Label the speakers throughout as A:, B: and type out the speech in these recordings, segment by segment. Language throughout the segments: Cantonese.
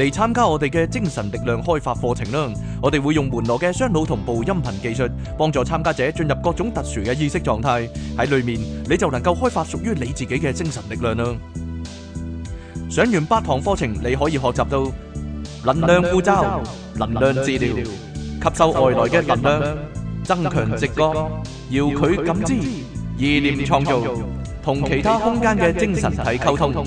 A: 嚟參加我哋嘅精神力量開發課程啦！我哋會用門羅嘅雙腦同步音頻技術，幫助參加者進入各種特殊嘅意識狀態。喺裡面你就能夠開發屬於你自己嘅精神力量啦！上完八堂課程，你可以學習到能量護罩、能量治療、吸收外來嘅能量、增強直覺、遙距感知、意念創造、同其他空間嘅精神體溝通。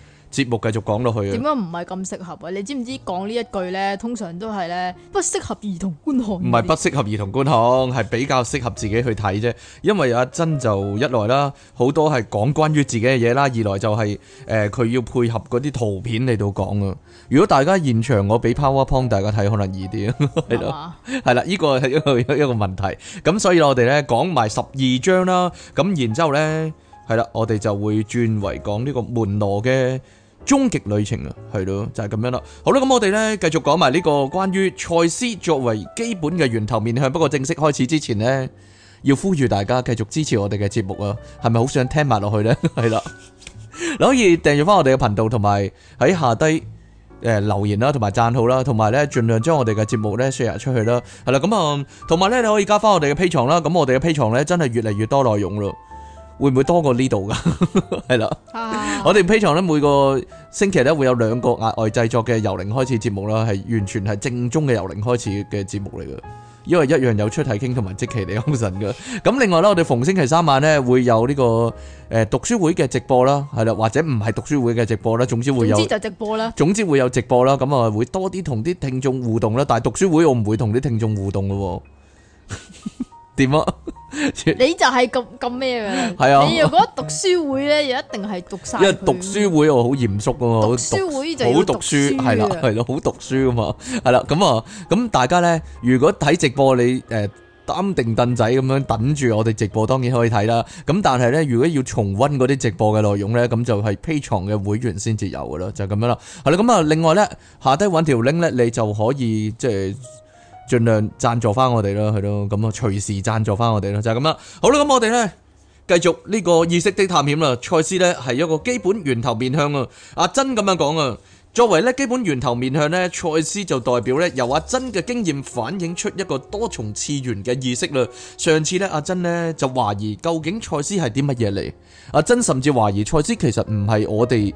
A: 節目繼續講落去啊？點
B: 解唔係咁適合啊？你知唔知講呢一句咧？通常都係咧，不適合兒童觀看。唔係不適
A: 合兒童觀看，係比較適合自己去睇啫。因為阿珍就一來啦，好多係講關於自己嘅嘢啦；二來就係誒佢要配合嗰啲圖片嚟到講啊。如果大家現場我俾 PowerPoint 大家睇，可能易啲係咯。係啦，呢個係一個一個問題。咁所以我哋咧講埋十二章啦。咁然之後咧係啦，我哋就會轉為講呢個門羅嘅。終極旅程啊，係咯，就係、是、咁樣啦。好啦，咁我哋呢，繼續講埋呢個關於賽斯作為基本嘅源頭面向。不過正式開始之前呢，要呼籲大家繼續支持我哋嘅節目啊，係咪好想聽埋落去呢？係 啦的， 你可以訂閱翻我哋嘅頻道，同埋喺下低誒留言啦，同埋讚好啦，同埋呢，盡量將我哋嘅節目呢，share 出去啦。係啦，咁、嗯、啊，同埋呢，你可以加翻我哋嘅 P 床啦。咁我哋嘅 P 床呢，真係越嚟越多內容咯。會唔會多過呢度噶？係 啦了，啊、我哋 Patreon 咧，每個星期咧會有兩個額外製作嘅由零開始節目啦，係完全係正宗嘅由零開始嘅節目嚟嘅，因為一樣有出題傾同埋即期李康神嘅。咁另外咧，我哋逢星期三晚咧會有呢、這個誒讀書會嘅直播啦，係啦，或者唔係讀書會嘅直播啦，總之會有總
B: 之就直播啦，
A: 總之會有直播啦，咁啊會多啲同啲聽眾互動啦。但係讀書會我唔會同啲聽眾互動嘅喎。 點行 啊！你
B: 就係咁咁咩嘅？係啊！你如果讀書會咧，又一定係讀晒。因為讀書
A: 會我好嚴肅噶嘛，讀書會就好讀書，係啦，係咯，好讀書噶嘛，係啦。咁啊，咁大家咧，如果睇直播，你誒擔定凳仔咁樣等住我哋直播，當然可以睇啦。咁但係咧，如果要重溫嗰啲直播嘅內容咧，咁就係 Patreon 嘅會員先至有噶咯，就係咁樣啦。係啦，咁啊，另外咧，下低搵條 link 咧，你就可以即係。盡量贊助翻我哋咯，係咯咁啊，隨時讚助翻我哋咯，就係咁啦。好啦，咁我哋呢，繼續呢個意識的探險啦。賽斯呢係一個基本源頭面向啊。阿珍咁樣講啊，作為呢基本源頭面向呢，賽斯就代表呢由阿珍嘅經驗反映出一個多重次元嘅意識啦。上次呢，阿珍呢就懷疑究竟賽斯係啲乜嘢嚟？阿珍甚至懷疑賽斯其實唔係我哋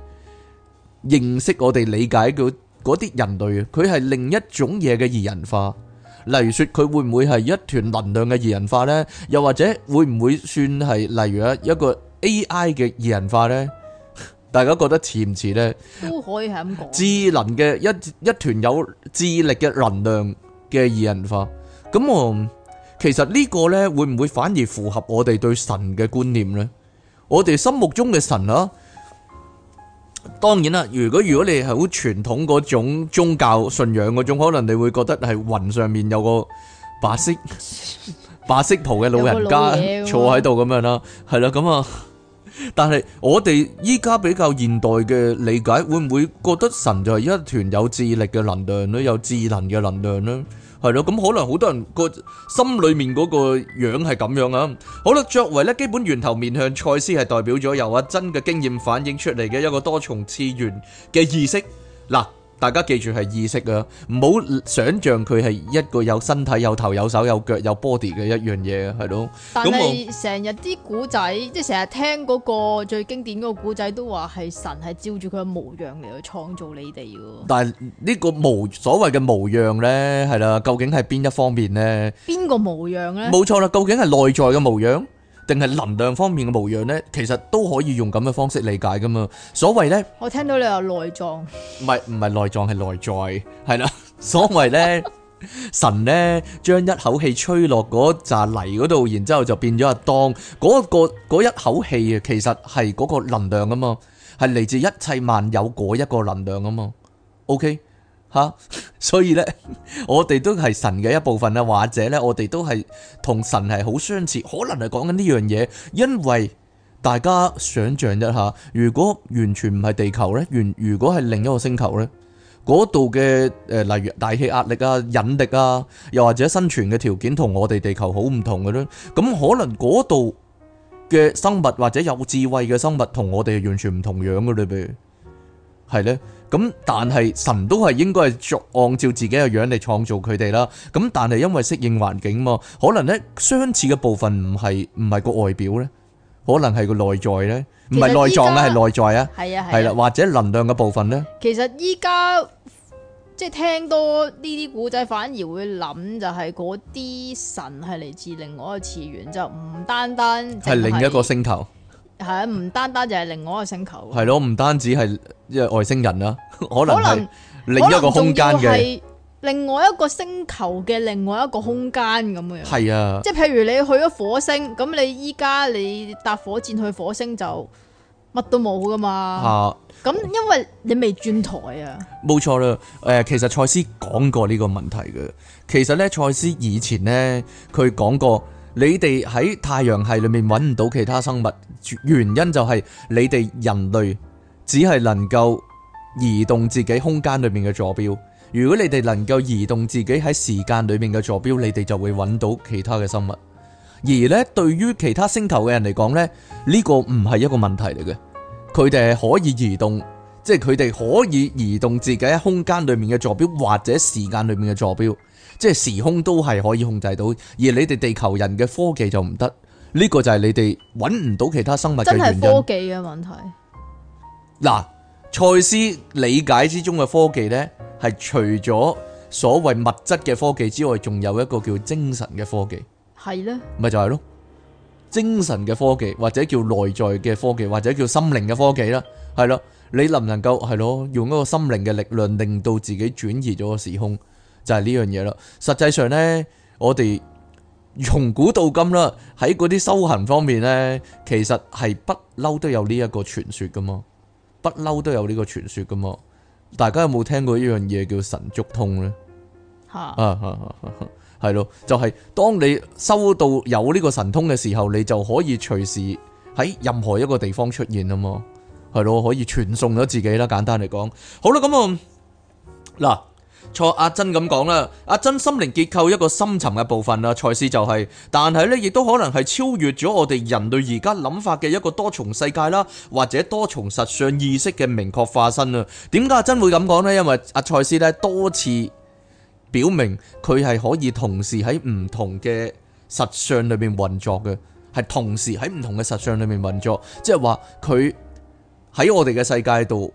A: 認識我哋理解嘅嗰啲人類，佢係另一種嘢嘅異人化。例如說佢會唔會係一團能量嘅異人化呢？又或者會唔會算係例如一個 AI 嘅異人化呢？大家覺得似唔似呢？
B: 都可以係咁講。智
A: 能嘅一一團有智力嘅能量嘅異人化，咁、嗯、我其實呢個呢，會唔會反而符合我哋對神嘅觀念呢？我哋心目中嘅神啊？當然啦，如果如果你係好傳統嗰種宗教信仰嗰種，可能你會覺得係雲上面有個白色白色袍嘅老人家坐喺度咁樣啦，係啦咁啊。但係我哋依家比較現代嘅理解，會唔會覺得神就係一團有智力嘅能量咧，有智能嘅能量咧？係咯，咁可能好多人個心裏面嗰個樣係咁樣啊。好啦，作為咧，基本源頭面向賽斯係代表咗由阿珍嘅經驗反映出嚟嘅一個多重次元嘅意識嗱。大家記住係意識咯，唔好想像佢係一個有身體、有頭、有手、有腳、有 body 嘅一樣嘢，係咯。但係
B: 成日啲古仔，即係成日聽嗰個最經典嗰個古仔，都話係神係照住佢嘅模樣嚟去創造你哋嘅。
A: 但係呢個模所謂嘅模樣咧，係啦，究竟係邊一方面咧？
B: 邊個模樣咧？冇
A: 錯啦，究竟係內在嘅模樣？定係能量方面嘅模樣呢？其實都可以用咁嘅方式理解噶嘛。所謂呢，
B: 我聽到你話內臟，
A: 唔係唔係內臟，係內在，係 啦。所謂呢，神呢將一口氣吹落嗰扎泥嗰度，然之後就變咗亞當嗰、嗰個、一口氣啊，其實係嗰個能量啊嘛，係嚟自一切萬有嗰一個能量啊嘛。OK。吓，所以咧， 我哋都係神嘅一部分啊，或者咧，我哋都係同神係好相似，可能係講緊呢樣嘢。因為大家想象一下，如果完全唔係地球呢，如如果係另一個星球呢，嗰度嘅誒，例如大氣壓力啊、引力啊，又或者生存嘅條件同我哋地球好唔同嘅呢，咁可能嗰度嘅生物或者有智慧嘅生物同我哋係完全唔同樣嘅嘞，譬如係咧。咁但係神都係應該係照按照自己嘅樣嚟創造佢哋啦。咁但係因為適應環境嘛，可能咧相似嘅部分唔係唔係個外表咧，可能係個內在咧，唔係內臟啦，係內在啊，係啊係啦，或者能量嘅部分咧。
B: 其實依家即係聽到呢啲古仔，反而會諗就係嗰啲神係嚟自另外一個次元，就唔單單係另一個星球。係啊，唔單單就係另，另外一個星球。
A: 係咯，唔單止係因為外星人啦，可能係另一個空間嘅。
B: 另外一個星球嘅另外一個空間咁、嗯、樣。係啊的，即係譬如你去咗火星，咁你依家你搭火箭去火星就乜都冇噶嘛。啊，咁因為你未轉台啊。
A: 冇錯啦，誒、呃，其實賽斯講過呢個問題嘅。其實咧，賽斯以前咧，佢講過。你哋喺太陽系裏面揾唔到其他生物，原因就係你哋人類只係能夠移動自己空間裏面嘅坐標。如果你哋能夠移動自己喺時間裏面嘅坐標，你哋就會揾到其他嘅生物。而咧，對於其他星球嘅人嚟講咧，呢、呢個唔係一個問題嚟嘅，佢哋係可以移動，即係佢哋可以移動自己喺空間裏面嘅坐標或者時間裏面嘅坐標。即係時空都係可以控制到，而你哋地球人嘅科技就唔得，呢個就係你哋揾唔到其他生物嘅原因。真係科
B: 技嘅問題。
A: 嗱，賽斯理解之中嘅科技呢，係除咗所謂物質嘅科技之外，仲有一個叫精神嘅科技。係咯。咪就係咯，精神嘅科技或者叫內在嘅科技或者叫心靈嘅科技啦，係啦，你能唔能夠係咯，用一個心靈嘅力量令到自己轉移咗個時空？就係呢樣嘢咯，實際上呢，我哋從古到今啦，喺嗰啲修行方面呢，其實係不嬲都有呢一個傳說噶嘛，不嬲都有呢個傳說噶嘛。大家有冇聽過一樣嘢叫神足通呢？吓哈、啊，啊係咯、啊啊，就係、是、當你收到有呢個神通嘅時候，你就可以隨時喺任何一個地方出現啊嘛，係咯，可以傳送咗自己啦。簡單嚟講，好啦，咁、嗯、啊，嗱。錯，阿珍咁講啦，阿珍、啊啊、心靈結構一個深沉嘅部分啦，賽斯就係、是，但係呢亦都可能係超越咗我哋人類而家諗法嘅一個多重世界啦，或者多重實相意識嘅明確化身啦。點解阿珍會咁講呢？因為阿賽斯呢多次表明佢係可以同時喺唔同嘅實相裏面運作嘅，係同時喺唔同嘅實相裏面運作，即係話佢喺我哋嘅世界度。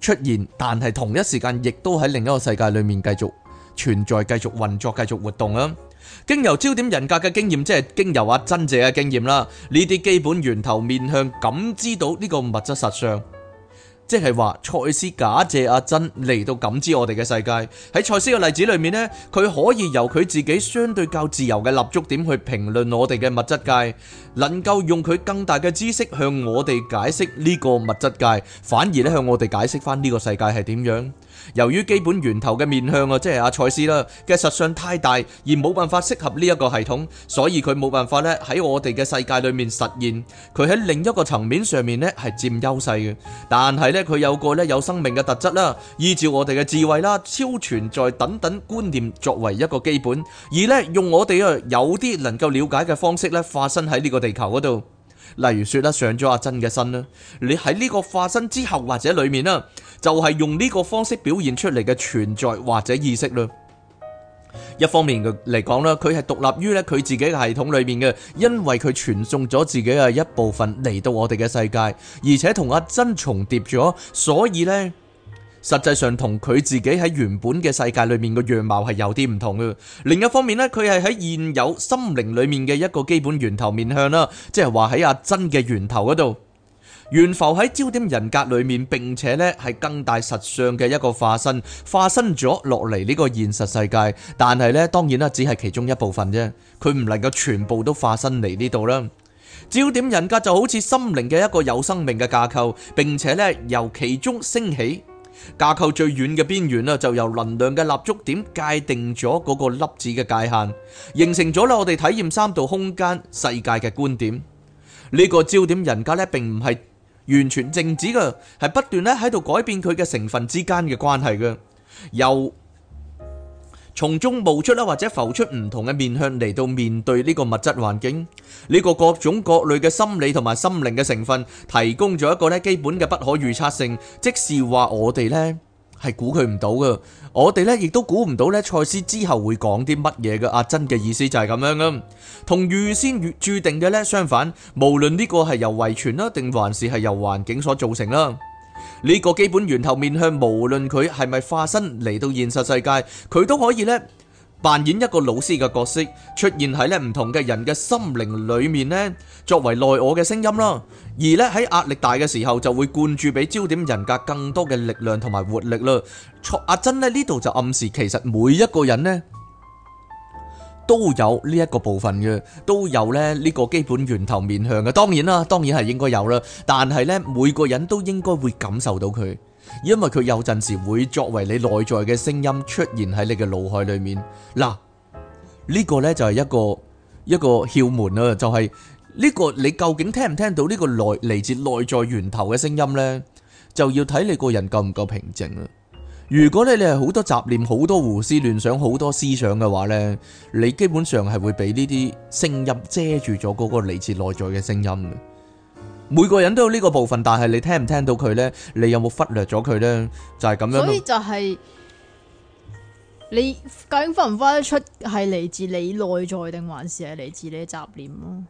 A: 出現，但係同一時間，亦都喺另一個世界裡面繼續存在、繼續運作、繼續活動啊！經由焦點人格嘅經驗，即係經由阿、啊、珍姐嘅經驗啦，呢啲基本源頭面向感知到呢個物質實相。即係話，賽斯假借阿珍嚟到感知我哋嘅世界。喺賽斯嘅例子裏面呢，佢可以由佢自己相對較自由嘅立足點去評論我哋嘅物質界，能夠用佢更大嘅知識向我哋解釋呢個物質界，反而咧向我哋解釋翻呢個世界係點樣。由於基本源頭嘅面向啊，即係阿賽斯啦嘅實相太大而冇辦法適合呢一個系統，所以佢冇辦法咧喺我哋嘅世界裏面實現。佢喺另一個層面上面咧係佔優勢嘅，但係咧佢有個咧有生命嘅特質啦，依照我哋嘅智慧啦、超存在等等觀念作為一個基本，而咧用我哋啊有啲能夠了解嘅方式咧化身喺呢個地球嗰度。例如說得上咗阿珍嘅身啦，你喺呢個化身之後或者裏面啦，就係、是、用呢個方式表現出嚟嘅存在或者意識啦。一方面嘅嚟講啦，佢係獨立於咧佢自己嘅系統裏面嘅，因為佢傳送咗自己嘅一部分嚟到我哋嘅世界，而且同阿珍重疊咗，所以呢。實際上同佢自己喺原本嘅世界裏面嘅樣貌係有啲唔同嘅。另一方面呢，佢係喺現有心靈裏面嘅一個基本源頭面向啦，即係話喺阿珍嘅源頭嗰度，懸浮喺焦點人格裏面，並且呢係更大實相嘅一個化身，化身咗落嚟呢個現實世界。但係呢，當然啦，只係其中一部分啫，佢唔能夠全部都化身嚟呢度啦。焦點人格就好似心靈嘅一個有生命嘅架構，並且呢由其中升起，架構最遠嘅邊緣啦，就由能量嘅立足點界定咗嗰個粒子嘅界限，形成咗啦我哋體驗三度空間世界嘅觀點。呢個焦點，人格呢並唔係完全靜止嘅，係不斷咧喺度改變佢嘅成分之間嘅關係嘅。由從中冒出啦，或者浮出唔同嘅面向嚟到面對呢個物質環境，呢、這個各種各類嘅心理同埋心靈嘅成分，提供咗一個呢基本嘅不可預測性，即是話我哋呢係估佢唔到噶，我哋呢亦都估唔到，呢賽斯之後會講啲乜嘢嘅，阿珍嘅意思就係咁樣噶，同預先預注定嘅呢相反，無論呢個係由遺傳啦，定還是係由環境所造成啦。呢個基本源頭面向，無論佢係咪化身嚟到現實世界，佢都可以呢扮演一個老師嘅角色，出現喺呢唔同嘅人嘅心靈裏面呢，作為內我嘅聲音囉。而呢喺壓力大嘅時候，就會灌注俾焦點人格更多嘅力量同埋活力啦。阿珍呢呢度就暗示，其實每一個人呢。都有呢一個部分嘅，都有呢呢個基本源頭面向嘅。當然啦，當然係應該有啦。但係呢，每個人都應該會感受到佢，因為佢有陣時會作為你內在嘅聲音出現喺你嘅腦海裏面。嗱，呢個呢就係一個一個竅門啦，就係呢個你究竟聽唔聽到呢個內嚟自內在源頭嘅聲音呢，就要睇你個人夠唔夠平靜啦。如果咧你係好多雜念，好多胡思亂想，好多思想嘅話呢，你基本上係會俾呢啲聲音遮住咗嗰個嚟自內在嘅聲音。每個人都有呢個部分，但係你聽唔聽到佢呢？你有冇忽略咗佢呢？就係咁樣。所以
B: 就係你究竟分唔分得出係嚟自你內在定還是係嚟自你雜念咯？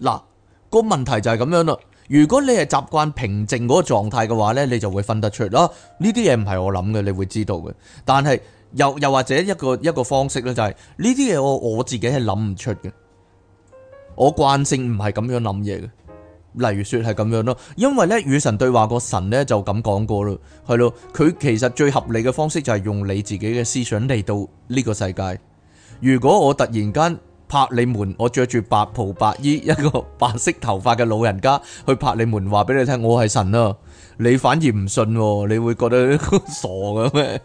A: 嗱，個問題就係咁樣啦。如果你係習慣平靜嗰個狀態嘅話呢，你就會分得出啦。呢啲嘢唔係我諗嘅，你會知道嘅。但係又又或者一個一個方式呢，就是，就係呢啲嘢我我自己係諗唔出嘅。我慣性唔係咁樣諗嘢嘅。例如說係咁樣咯，因為呢，與神對話個神呢，就咁講過咯，係咯，佢其實最合理嘅方式就係用你自己嘅思想嚟到呢個世界。如果我突然間。拍你門，我着住白袍白衣，一個白色頭髮嘅老人家去拍你門，話俾你聽，我係神啊！你反而唔信，你會覺得傻嘅咩？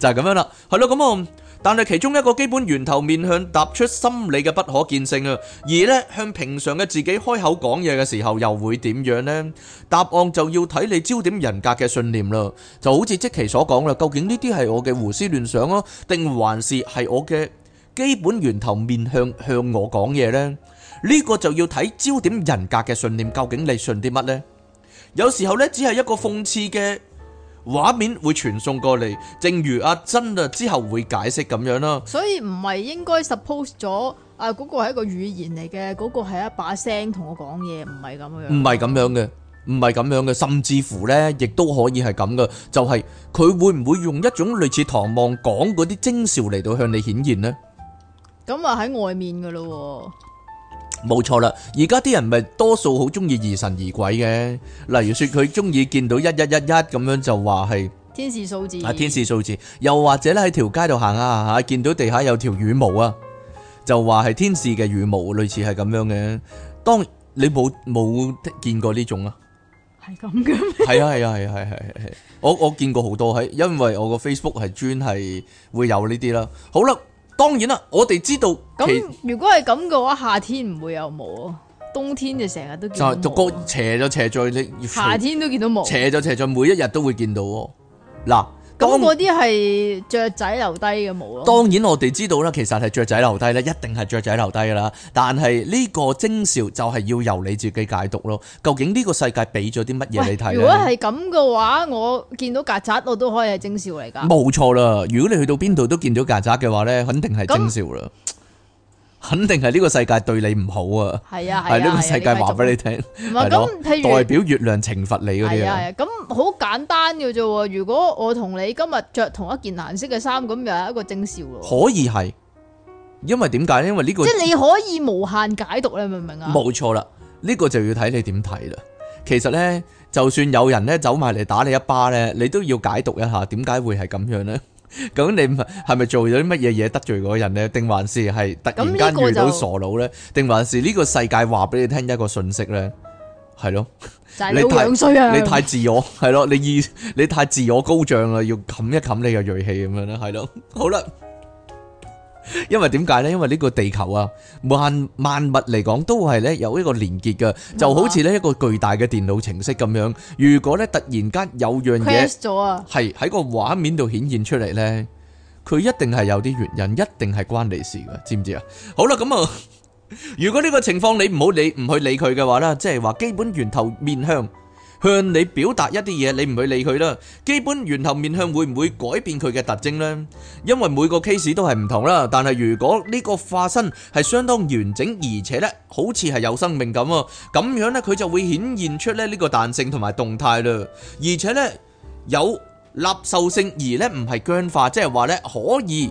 A: 就係咁樣啦，係咯咁啊！但係其中一個基本源頭面向踏出心理嘅不可見性啊，而呢向平常嘅自己開口講嘢嘅時候，又會點樣呢？答案就要睇你焦點人格嘅信念啦，就好似即奇所講啦，究竟呢啲係我嘅胡思亂想咯，定還是係我嘅？基本源頭面向向我講嘢呢，呢個就要睇焦點人格嘅信念，究竟你信啲乜呢？有時候呢，只係一個諷刺嘅畫面會傳送過嚟，正如阿珍啊之後會解釋咁樣啦。
B: 所以唔係應該 suppose 咗啊？嗰個係一個語言嚟嘅，嗰個係一把聲同我講嘢，唔係咁樣，唔係
A: 咁樣嘅，唔係咁樣嘅，甚至乎呢，亦都可以係咁嘅。就係佢會唔會用一種類似唐望講嗰啲徵兆嚟到向你顯現呢？
B: 咁啊喺外面噶咯，
A: 冇錯啦！而家啲人咪多數好中意疑神疑鬼嘅，例如說佢中意見到一一一一咁樣就話係
B: 天使數字，天
A: 使數字，又或者咧喺條街度行啊吓，見到地下有條羽毛啊，就話係天使嘅羽毛，類似係咁樣嘅。當你冇冇見過呢種啊，
B: 係咁嘅，
A: 係啊係啊係啊係係係係，我我見過好多喺，因為我個 Facebook 係專係會有呢啲啦。好啦。當然啦，我哋知道。咁
B: 如果係咁嘅話，夏天唔會有霧，冬天就成日都見到。就
A: 個斜咗斜在你。夏天都見到霧。就是、斜咗斜咗，每一日都會見到喎。嗱。咁
B: 嗰啲係雀仔留低嘅冇咯。當，當
A: 然我哋知道啦，其實係雀仔留低咧，一定係雀仔留低噶啦。但係呢個徵兆就係要由你自己解讀咯。究竟呢個世界俾咗啲乜嘢你睇？如果係
B: 咁嘅話，我見到曱甴我都可以係徵兆嚟噶。冇
A: 錯啦，如果你去到邊度都見到曱甴嘅話咧，肯定係徵兆啦。肯定係呢個世界對你唔好啊！係啊，係呢個世界話俾你聽，係咯， 啊、譬如代表月亮懲罰你嗰啲啊！
B: 咁好、啊、簡單嘅啫，如果我同你今日着同一件顏色嘅衫，咁又係一個徵兆咯。可
A: 以係，因為點解咧？因為呢、這個即係你
B: 可以無限解讀，你明唔明啊？
A: 冇錯啦，呢、這個就要睇你點睇啦。其實咧，就算有人咧走埋嚟打你一巴咧，你都要解讀一下，點解會係咁樣咧？咁你係咪做咗啲乜嘢嘢，得罪嗰人咧？定還是係突然間遇到傻佬咧？定還是呢個世界話俾你聽一個訊息咧？係咯，就係、啊、你太衰啊！你太自我係咯， 你意你太自我高漲啦，要冚一冚你嘅銳氣咁樣咧，係咯，好啦。因為點解咧？因為呢個地球啊，萬萬物嚟講都係咧有一個連結噶，就好似咧一個巨大嘅電腦程式咁樣。如果咧突然間有樣嘢，係喺個畫面度顯現出嚟咧，佢一定係有啲原因，一定係關你事噶，知唔知啊？好啦，咁啊，如果呢個情況你唔好理唔去理佢嘅話咧，即係話基本源頭面向。向你表達一啲嘢，你唔會理佢啦。基本源頭面向會唔會改變佢嘅特徵呢？因為每個 case 都係唔同啦。但係如果呢個化身係相當完整，而且呢好似係有生命咁，咁樣呢，佢就會顯現出呢呢個彈性同埋動態啦。而且呢，有立受性，而呢唔係僵化，即係話呢可以，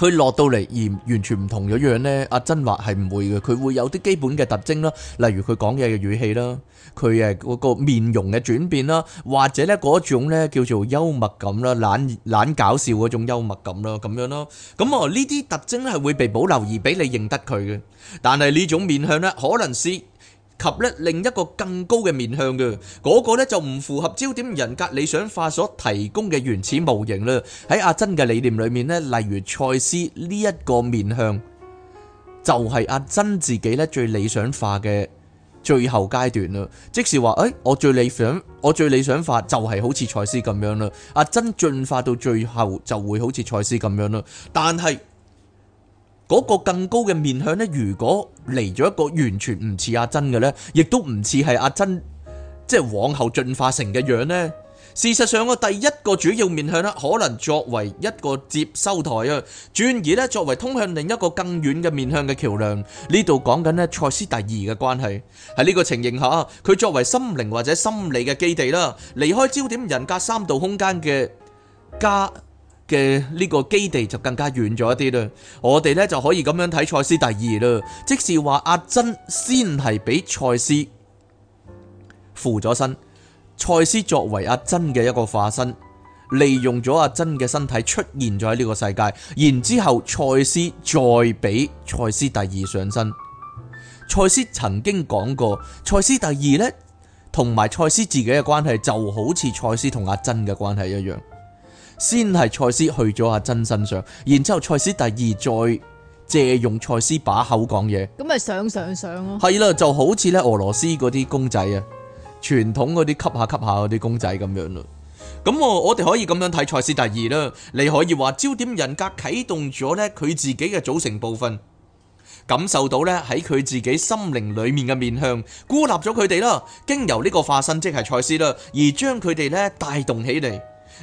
A: 佢落到嚟而完全唔同咗樣呢，阿珍話係唔會嘅，佢會有啲基本嘅特徵啦，例如佢講嘢嘅語氣啦，佢誒個個面容嘅轉變啦，或者呢嗰種呢叫做幽默感啦，懶懶搞笑嗰種幽默感啦，咁樣咯，咁哦呢啲特徵呢係會被保留而俾你認得佢嘅，但係呢種面向呢可能係。及咧另一個更高嘅面向嘅，嗰個咧就唔符合焦點人格理想化所提供嘅原始模型啦。喺阿珍嘅理念裏面咧，例如賽斯呢一個面向，就係阿珍自己咧最理想化嘅最後階段啦。即係話誒，我最理想，我最理想化就係好似賽斯咁樣啦。阿珍進化到最後就會好似賽斯咁樣啦，但係。嗰個更高嘅面向呢，如果嚟咗一個完全唔似阿珍嘅呢，亦都唔似係阿珍即係往後進化成嘅樣呢。事實上個第一個主要面向呢，可能作為一個接收台啊，轉而咧作為通向另一個更遠嘅面向嘅橋梁。呢度講緊呢，賽斯第二嘅關係。喺呢個情形下，佢作為心靈或者心理嘅基地啦，離開焦點人格三度空間嘅家。嘅呢個基地就更加遠咗一啲啦，我哋呢就可以咁樣睇賽斯第二啦，即是話阿珍先係畀賽斯附咗身，賽斯作為阿珍嘅一個化身，利用咗阿珍嘅身體出現咗喺呢個世界，然之後賽斯再畀賽斯第二上身。賽斯曾經講過，賽斯第二呢，同埋賽斯自己嘅關係就好似賽斯同阿珍嘅關係一樣。先係賽斯去咗阿珍身上，然之後賽斯第二再借用賽斯把口講嘢，
B: 咁咪上上上咯。係
A: 啦，就好似咧俄羅斯嗰啲公仔啊，傳統嗰啲吸下吸下嗰啲公仔咁樣咯。咁我我哋可以咁樣睇賽斯第二啦。你可以話焦點人格啟動咗呢，佢自己嘅組成部分感受到呢喺佢自己心靈裏面嘅面向，孤立咗佢哋啦，經由呢個化身即係賽斯啦，而將佢哋呢帶動起嚟。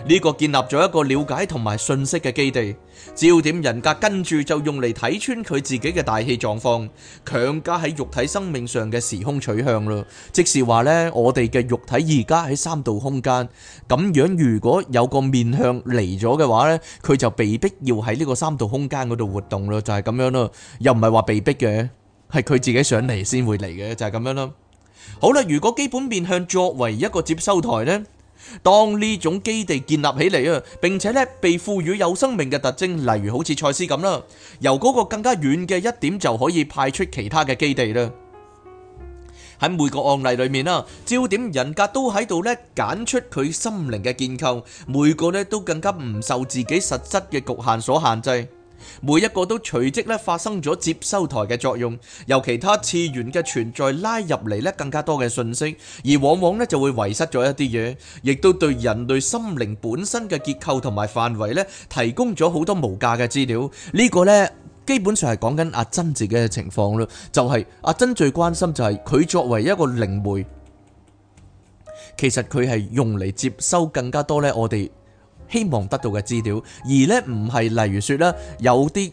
A: 呢個建立咗一個了解同埋信息嘅基地，焦點人格跟住就用嚟睇穿佢自己嘅大氣狀況，強加喺肉體生命上嘅時空取向咯。即是話咧，我哋嘅肉體而家喺三度空間，咁樣如果有個面向嚟咗嘅話咧，佢就被逼要喺呢個三度空間嗰度活動咯，就係咁樣咯。又唔係話被逼嘅，係佢自己想嚟先會嚟嘅，就係咁樣咯。好啦，如果基本面向作為一個接收台咧？當呢種基地建立起嚟啊，並且咧被賦予有生命嘅特徵，例如好似賽斯咁啦，由嗰個更加遠嘅一點就可以派出其他嘅基地啦。喺每個案例裏面啦，焦點人格都喺度咧揀出佢心靈嘅建構，每個咧都更加唔受自己實質嘅局限所限制。每一個都隨即咧發生咗接收台嘅作用，由其他次元嘅存在拉入嚟咧更加多嘅訊息，而往往咧就會遺失咗一啲嘢，亦都對人類心靈本身嘅結構同埋範圍咧提供咗好多無價嘅資料。這個、呢個咧基本上係講緊阿珍自己嘅情況咯，就係、是、阿珍最關心就係佢作為一個靈媒，其實佢係用嚟接收更加多呢我哋希望得到嘅資料，而呢，唔係例如說，咧有啲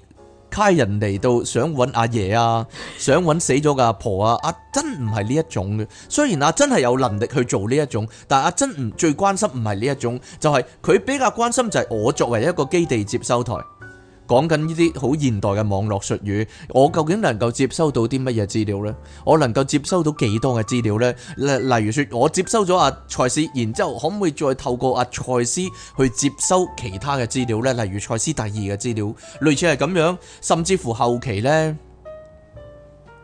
A: 家人嚟到想揾阿爺啊，想揾死咗嘅阿婆啊，阿珍唔係呢一種嘅。雖然阿珍係有能力去做呢一種，但阿珍唔最關心唔係呢一種，就係、是、佢比較關心就係我作為一個基地接收台。講緊呢啲好現代嘅網絡術語，我究竟能夠接收到啲乜嘢資料呢？我能夠接收到幾多嘅資料呢？例例如説，我接收咗阿賽斯，然之後可唔可以再透過阿賽斯去接收其他嘅資料呢？例如賽斯第二嘅資料，類似係咁樣，甚至乎後期呢，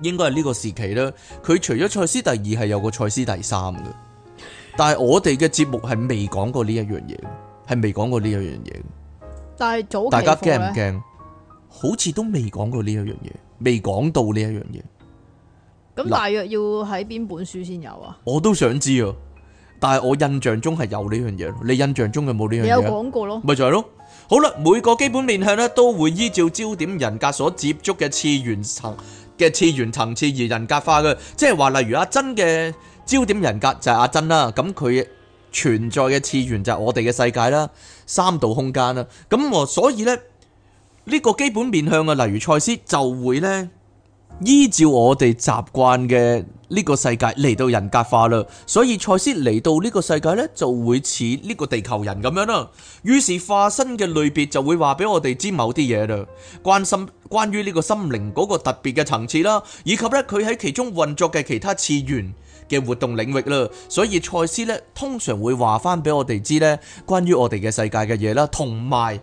A: 應該係呢個時期啦。佢除咗賽斯第二係有個賽斯第三嘅，但係我哋嘅節目係未講過呢一樣嘢，係未講過呢一樣嘢。
B: 但係早期，大家驚唔驚？
A: 好似都未講過呢一樣嘢，未講到呢一樣嘢。
B: 咁大約要喺邊本書先有啊？
A: 我都想知啊！但係我印象中係有呢樣嘢，你印象中有冇呢樣嘢？有講過咯，咪就係咯。好啦，每個基本面向咧都會依照焦點人格所接觸嘅次元層嘅次元層次而人格化嘅，即係話例如阿珍嘅焦點人格就係阿珍啦，咁佢存在嘅次元就係我哋嘅世界啦。三度空間啦，咁我所以呢，呢、呢個基本面向嘅，例如賽斯就會呢，依照我哋習慣嘅呢個世界嚟到人格化啦，所以賽斯嚟到呢個世界呢，就會似呢個地球人咁樣啦，於是化身嘅類別就會話俾我哋知某啲嘢啦，關心關於呢個心靈嗰個特別嘅層次啦，以及呢，佢喺其中運作嘅其他次元。嘅活動領域啦，所以賽斯呢，通常會話翻俾我哋知呢，關於我哋嘅世界嘅嘢啦，同埋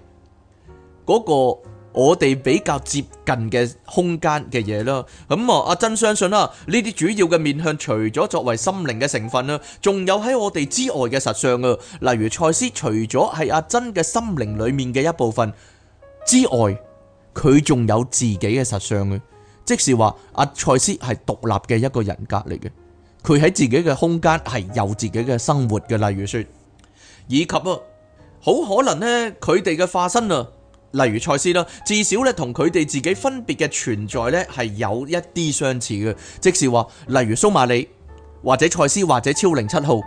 A: 嗰個我哋比較接近嘅空間嘅嘢啦。咁、嗯、啊，阿珍相信啦，呢啲主要嘅面向除咗作為心靈嘅成分啦，仲有喺我哋之外嘅實相啊。例如賽斯除咗係阿珍嘅心靈裏面嘅一部分之外，佢仲有自己嘅實相嘅，即是話阿賽斯係獨立嘅一個人格嚟嘅。佢喺自己嘅空間係有自己嘅生活嘅，例如説，以及啊，好可能呢，佢哋嘅化身啊，例如賽斯啦，至少咧同佢哋自己分別嘅存在呢係有一啲相似嘅，即是話，例如蘇馬里或者賽斯或者超零七號，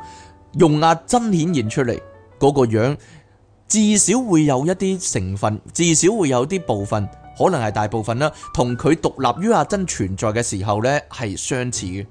A: 用阿珍顯現出嚟嗰個樣，至少會有一啲成分，至少會有啲部分，可能係大部分啦，同佢獨立於阿珍存在嘅時候呢係相似嘅。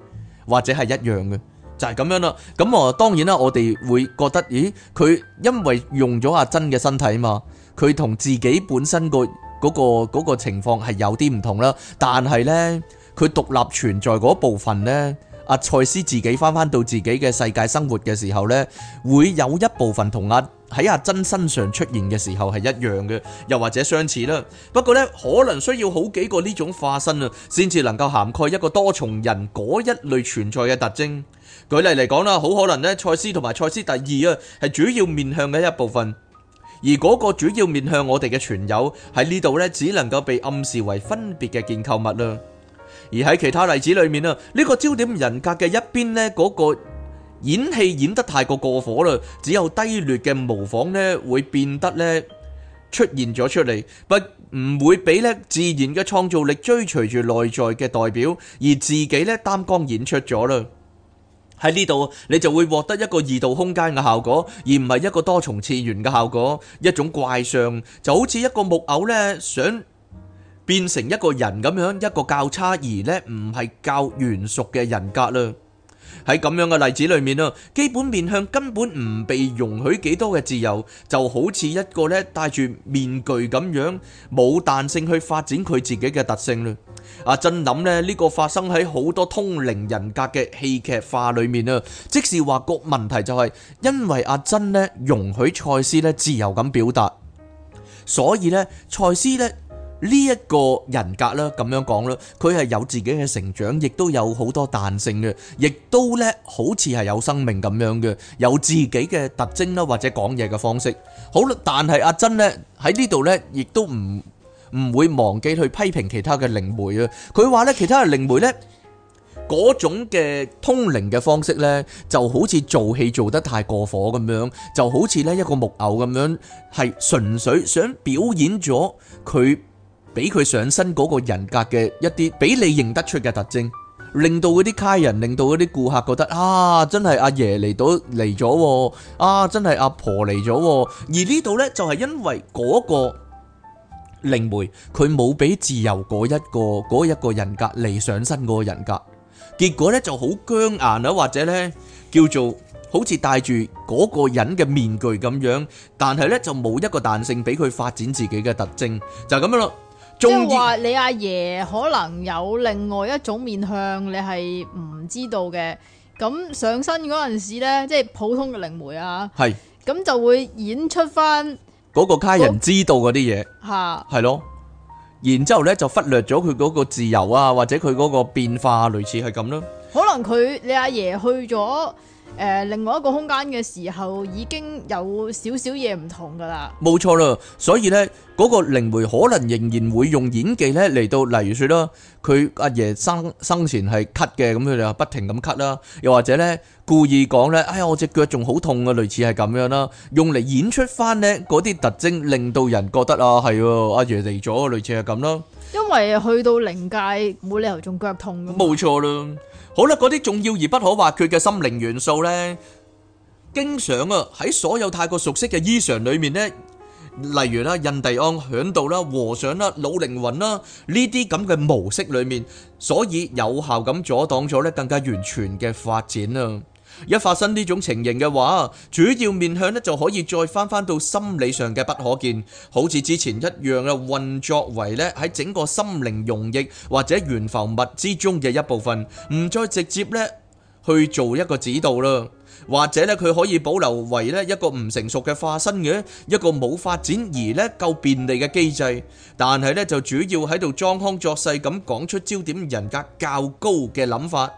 A: 或者係一樣嘅，就係、是、咁樣啦。咁我當然啦，我哋會覺得，咦，佢因為用咗阿珍嘅身體嘛，佢同自己本身、那個嗰個、那個情況係有啲唔同啦。但係呢，佢獨立存在嗰部分呢。阿賽斯自己返返到自己嘅世界生活嘅時候呢，會有一部分同阿喺阿珍身上出現嘅時候係一樣嘅，又或者相似啦。不過呢，可能需要好幾個呢種化身啊，先至能夠涵蓋一個多重人嗰一類存在嘅特徵。舉例嚟講啦，好可能呢，賽斯同埋賽斯第二啊，係主要面向嘅一部分，而嗰個主要面向我哋嘅傳友喺呢度呢，只能夠被暗示為分別嘅建構物啦。而喺其他例子裏面啊，呢個焦點人格嘅一邊咧，嗰個演戲演得太過過火啦，只有低劣嘅模仿咧，會變得咧出現咗出嚟，不唔會俾咧自然嘅創造力追隨住內在嘅代表，而自己咧擔綱演出咗啦。喺呢度你就會獲得一個二度空間嘅效果，而唔係一個多重次元嘅效果，一種怪相就好似一個木偶咧想。變成一個人咁樣，一個較差而呢唔係較圓熟嘅人格啦。喺咁樣嘅例子裏面啊，基本面向根本唔被容許幾多嘅自由，就好似一個呢戴住面具咁樣，冇彈性去發展佢自己嘅特性啦。阿珍諗呢呢個發生喺好多通靈人格嘅戲劇化裏面啊，即是話個問題就係因為阿珍呢容許賽斯呢自由咁表達，所以呢賽斯呢。呢一個人格啦，咁樣講啦，佢係有自己嘅成長，亦都有好多彈性嘅，亦都呢好似係有生命咁樣嘅，有自己嘅特徵啦，或者講嘢嘅方式。好啦，但係阿珍呢喺呢度呢，亦都唔唔會忘記去批評其他嘅靈媒啊。佢話呢，其他嘅靈媒呢，嗰種嘅通靈嘅方式呢，就好似做戲做得太過火咁樣，就好似呢一個木偶咁樣，係純粹想表演咗佢。俾佢上身嗰個人格嘅一啲，俾你認得出嘅特徵，令到嗰啲卡人，令到嗰啲顧客覺得啊，真係阿爺嚟到嚟咗，啊，真係阿婆嚟咗。而呢度呢，就係因為嗰個靈媒，佢冇俾自由嗰一個嗰一個人格嚟上身嗰個人格，結果呢就好僵硬啊，或者呢叫做好似戴住嗰個人嘅面具咁樣，但係呢就冇一個彈性俾佢發展自己嘅特徵，就咁樣咯。即係話
B: 你阿爺可能有另外一種面向，你係唔知道嘅。咁上身嗰陣時咧，即係普通嘅靈媒啊，係咁係就會演出翻
A: 嗰個家人知道嗰啲嘢，吓係咯。然之後咧就忽略咗佢嗰個自由啊，或者佢嗰個變化啊，類似係咁咯。
B: 可能佢你阿爺去咗。誒，另外一個空間嘅時候已經有少少嘢唔同噶啦，
A: 冇錯啦。所以呢，嗰個靈媒可能仍然會用演技咧嚟到，例如說啦，佢阿爺生生前係咳嘅，咁佢就不停咁咳啦。又或者呢，故意講呢，哎呀，我隻腳仲好痛啊，類似係咁樣啦，用嚟演出翻呢嗰啲特徵，令到人覺得啊，係阿爺嚟咗，類似係咁咯。
B: 因為去到靈界，冇理由仲腳痛。冇
A: 錯啦。好啦，嗰啲重要而不可或缺嘅心靈元素呢，經常啊喺所有太過熟悉嘅衣裳裏面呢，例如啦印第安嚮導啦，和尚啦，老靈魂啦，呢啲咁嘅模式裏面，所以有效咁阻擋咗呢，更加完全嘅發展啊。一發生呢種情形嘅話，主要面向咧就可以再返返到心理上嘅不可見，好似之前一樣嘅運作為咧喺整個心靈溶液或者懸浮物之中嘅一部分，唔再直接咧去做一個指導啦，或者咧佢可以保留為咧一個唔成熟嘅化身嘅一個冇發展而咧夠便利嘅機制，但係咧就主要喺度裝腔作勢咁講出焦點人格較高嘅諗法。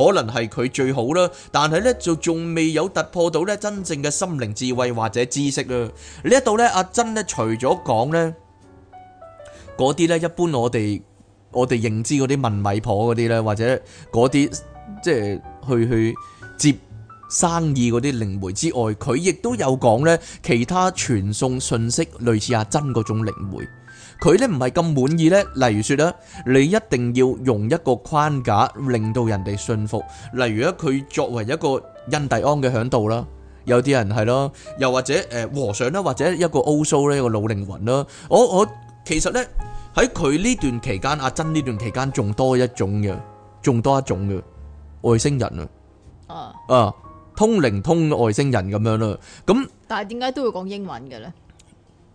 A: 可能係佢最好啦，但係呢就仲未有突破到呢真正嘅心靈智慧或者知識啦。呢一度呢，阿珍呢除咗講呢嗰啲呢一般我哋我哋認知嗰啲問米婆嗰啲呢，或者嗰啲即係去去接生意嗰啲靈媒之外，佢亦都有講呢其他傳送信息類似阿珍嗰種靈媒。佢咧唔係咁滿意咧，例如説咧，你一定要用一個框架令到人哋信服。例如咧，佢作為一個印第安嘅嚮導啦，有啲人係咯，又或者誒和尚啦，或者一個歐蘇咧，一個老靈魂啦。我我其實咧喺佢呢段期間，阿珍呢段期間仲多一種嘅，仲多一種嘅外星人啊，啊通靈通外星人咁樣啦。咁
B: 但係點解都會講英文嘅咧？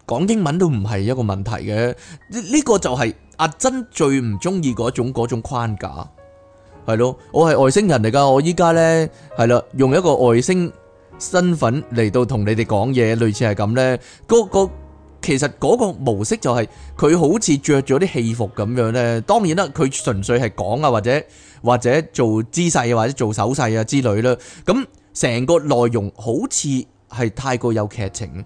A: 講英文都唔係一個問題嘅，呢呢個就係阿珍最唔中意嗰種嗰種框架，係咯，我係外星人嚟噶，我依家咧係啦，用一個外星身份嚟到同你哋講嘢，類似係咁咧，嗰個其實嗰個模式就係佢好似着咗啲戲服咁樣咧，當然啦，佢純粹係講啊，或者或者做姿勢啊，或者做手勢啊之類啦，咁成個內容好似係太過有劇情。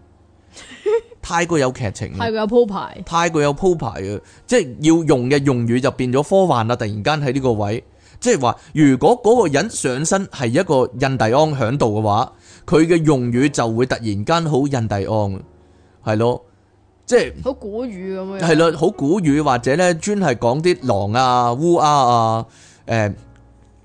A: 太過有劇情，太
B: 過有鋪排，
A: 太過有鋪排嘅，即係要用嘅用語就變咗科幻啦！突然間喺呢個位，即係話，如果嗰個人上身係一個印第安喺度嘅話，佢嘅用語就會突然間好印第安，係咯，即係
B: 好古語咁樣。係咯，
A: 好古語或者呢專係講啲狼啊、烏鴉啊、誒、呃。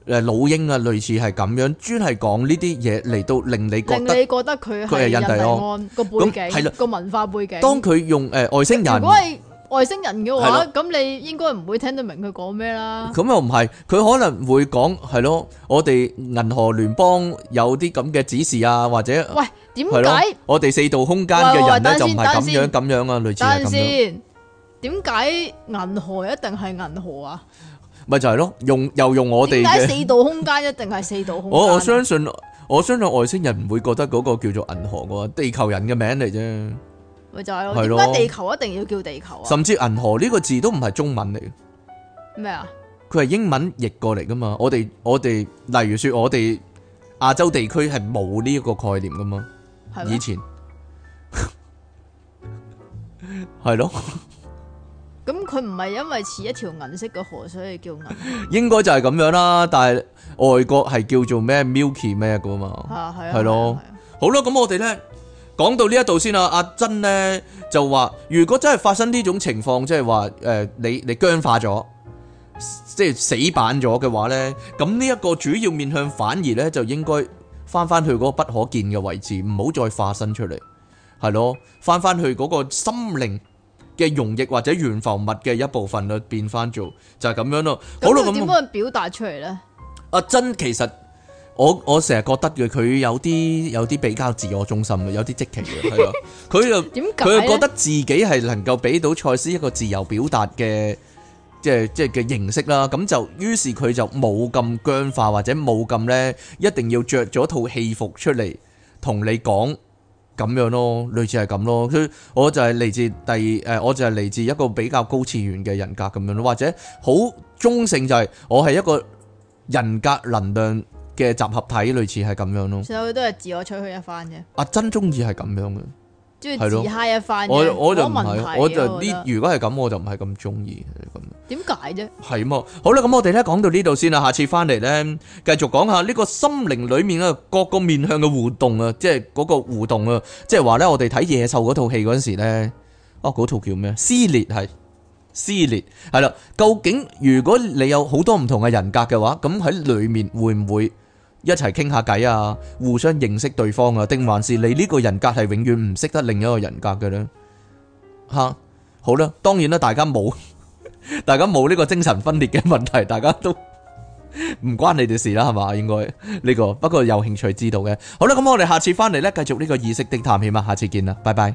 A: 誒，老鷹啊，類似係咁樣，專係講呢啲嘢嚟到令你令你
B: 覺得佢係印第安個背景，係啦，個文化背景。當佢
A: 用誒外星人，如果係
B: 外星人嘅話，咁你應該唔會聽得明佢講咩啦。
A: 咁又唔係，佢可能會講，係咯，我哋銀河聯邦有啲咁嘅指示啊，或者喂，點解我哋四度空間嘅人咧就唔係咁樣咁樣啊？類似係咁樣。
B: 點解銀河一定係銀河啊？
A: 咪就係咯，用又用我哋嘅。點解四度
B: 空間一定係四度空間？ 我我相
A: 信，我相信外星人唔會覺得嗰個叫做銀河嘅地球人嘅名嚟啫。咪
B: 就係咯，點解了地球一定要叫地球
A: 啊？甚至銀河呢個字都唔係中文嚟。
B: 咩啊麼？
A: 佢係英文譯過嚟噶嘛。我哋我哋，例如說，我哋亞洲地區係冇呢一個概念噶嘛。嗎以前係咯。 了
B: 咁佢唔係因為似一條銀色嘅河，所以叫銀河。
A: 應該就係咁樣啦，但係外國係叫做咩 Milky 咩嘅嘛。係係咯，好啦，咁我哋咧講到呢一度先啦。阿珍呢就話，如果真係發生呢種情況，即係話誒，你你僵化咗，即係死板咗嘅話咧，咁呢一個主要面向反而咧就應該翻翻去嗰個不可見嘅位置，唔好再化身出嚟，係咯、啊，翻翻去嗰個心靈。嘅溶液或者原浮物嘅一部分咯，變翻做就係、是、咁樣咯。好，即係
B: 點樣表達出嚟呢？
A: 阿珍，其實我我成日覺得佢佢有啲有啲比較自我中心嘅，有啲積極嘅係啊。佢又點解佢又覺得自己係能夠俾到賽斯一個自由表達嘅即係即係嘅形式啦。咁就於是佢就冇咁僵化或者冇咁呢，一定要着咗套戲服出嚟同你講。咁樣咯，類似係咁咯。佢我就係嚟自第二、呃，我就係嚟自一個比較高次元嘅人格咁樣，或者好中性就係我係一個人格能量嘅集合體，類似係咁樣咯。其
B: 實佢都係自我吹噓一番啫。
A: 阿珍鍾意係咁樣嘅。係咯，自嗨嘅範，我我就唔係，我就啲如果係咁，我就唔係咁中意咁。
B: 點解啫？
A: 係嘛啊！好啦，咁我哋咧講到呢度先啦，下次翻嚟咧繼續講下呢個心靈裏面啊各個面向嘅互動啊，即係嗰個互動啊，即係話咧我哋睇野獸嗰套戲嗰陣時咧，哦嗰套叫咩？撕裂係撕裂係啦。究竟如果你有好多唔同嘅人格嘅話，咁喺裏面會唔會？一齊傾下偈啊，互相認識對方啊，定還是你呢個人格係永遠唔識得另一個人格嘅呢？吓，好啦，當然啦，大家冇，大家冇呢個精神分裂嘅問題，大家都唔關你哋事啦，係嘛？應該呢個，不過有興趣知道嘅，好啦，咁我哋下次翻嚟呢，繼續呢個意識的探險啊，下次見啦，拜拜。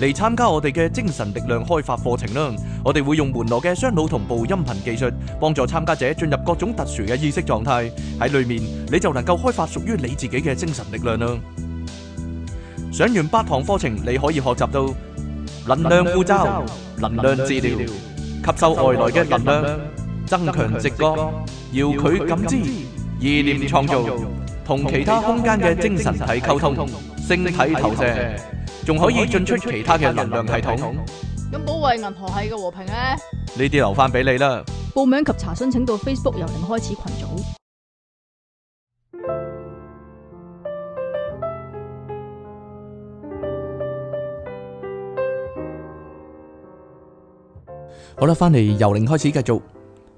A: 嚟參加我哋嘅精神力量開發課程啦！我哋會用門羅嘅雙腦同步音頻技術，幫助參加者進入各種特殊嘅意識狀態。喺裏面你就能夠開發屬於你自己嘅精神力量啦！上完八堂課程，你可以學習到能量護罩、能量治療、吸收外來嘅能量、增強直覺、遙距感知、意念創造、同其他空間嘅精神體溝通、星體投射。仲可以進出其他嘅能量系統。
B: 咁保衛銀河系嘅和平咧？
A: 呢啲留翻俾你啦。
B: 報名及查詢請到 Facebook 由零開始群組。
A: 好啦，翻嚟由零開始，繼續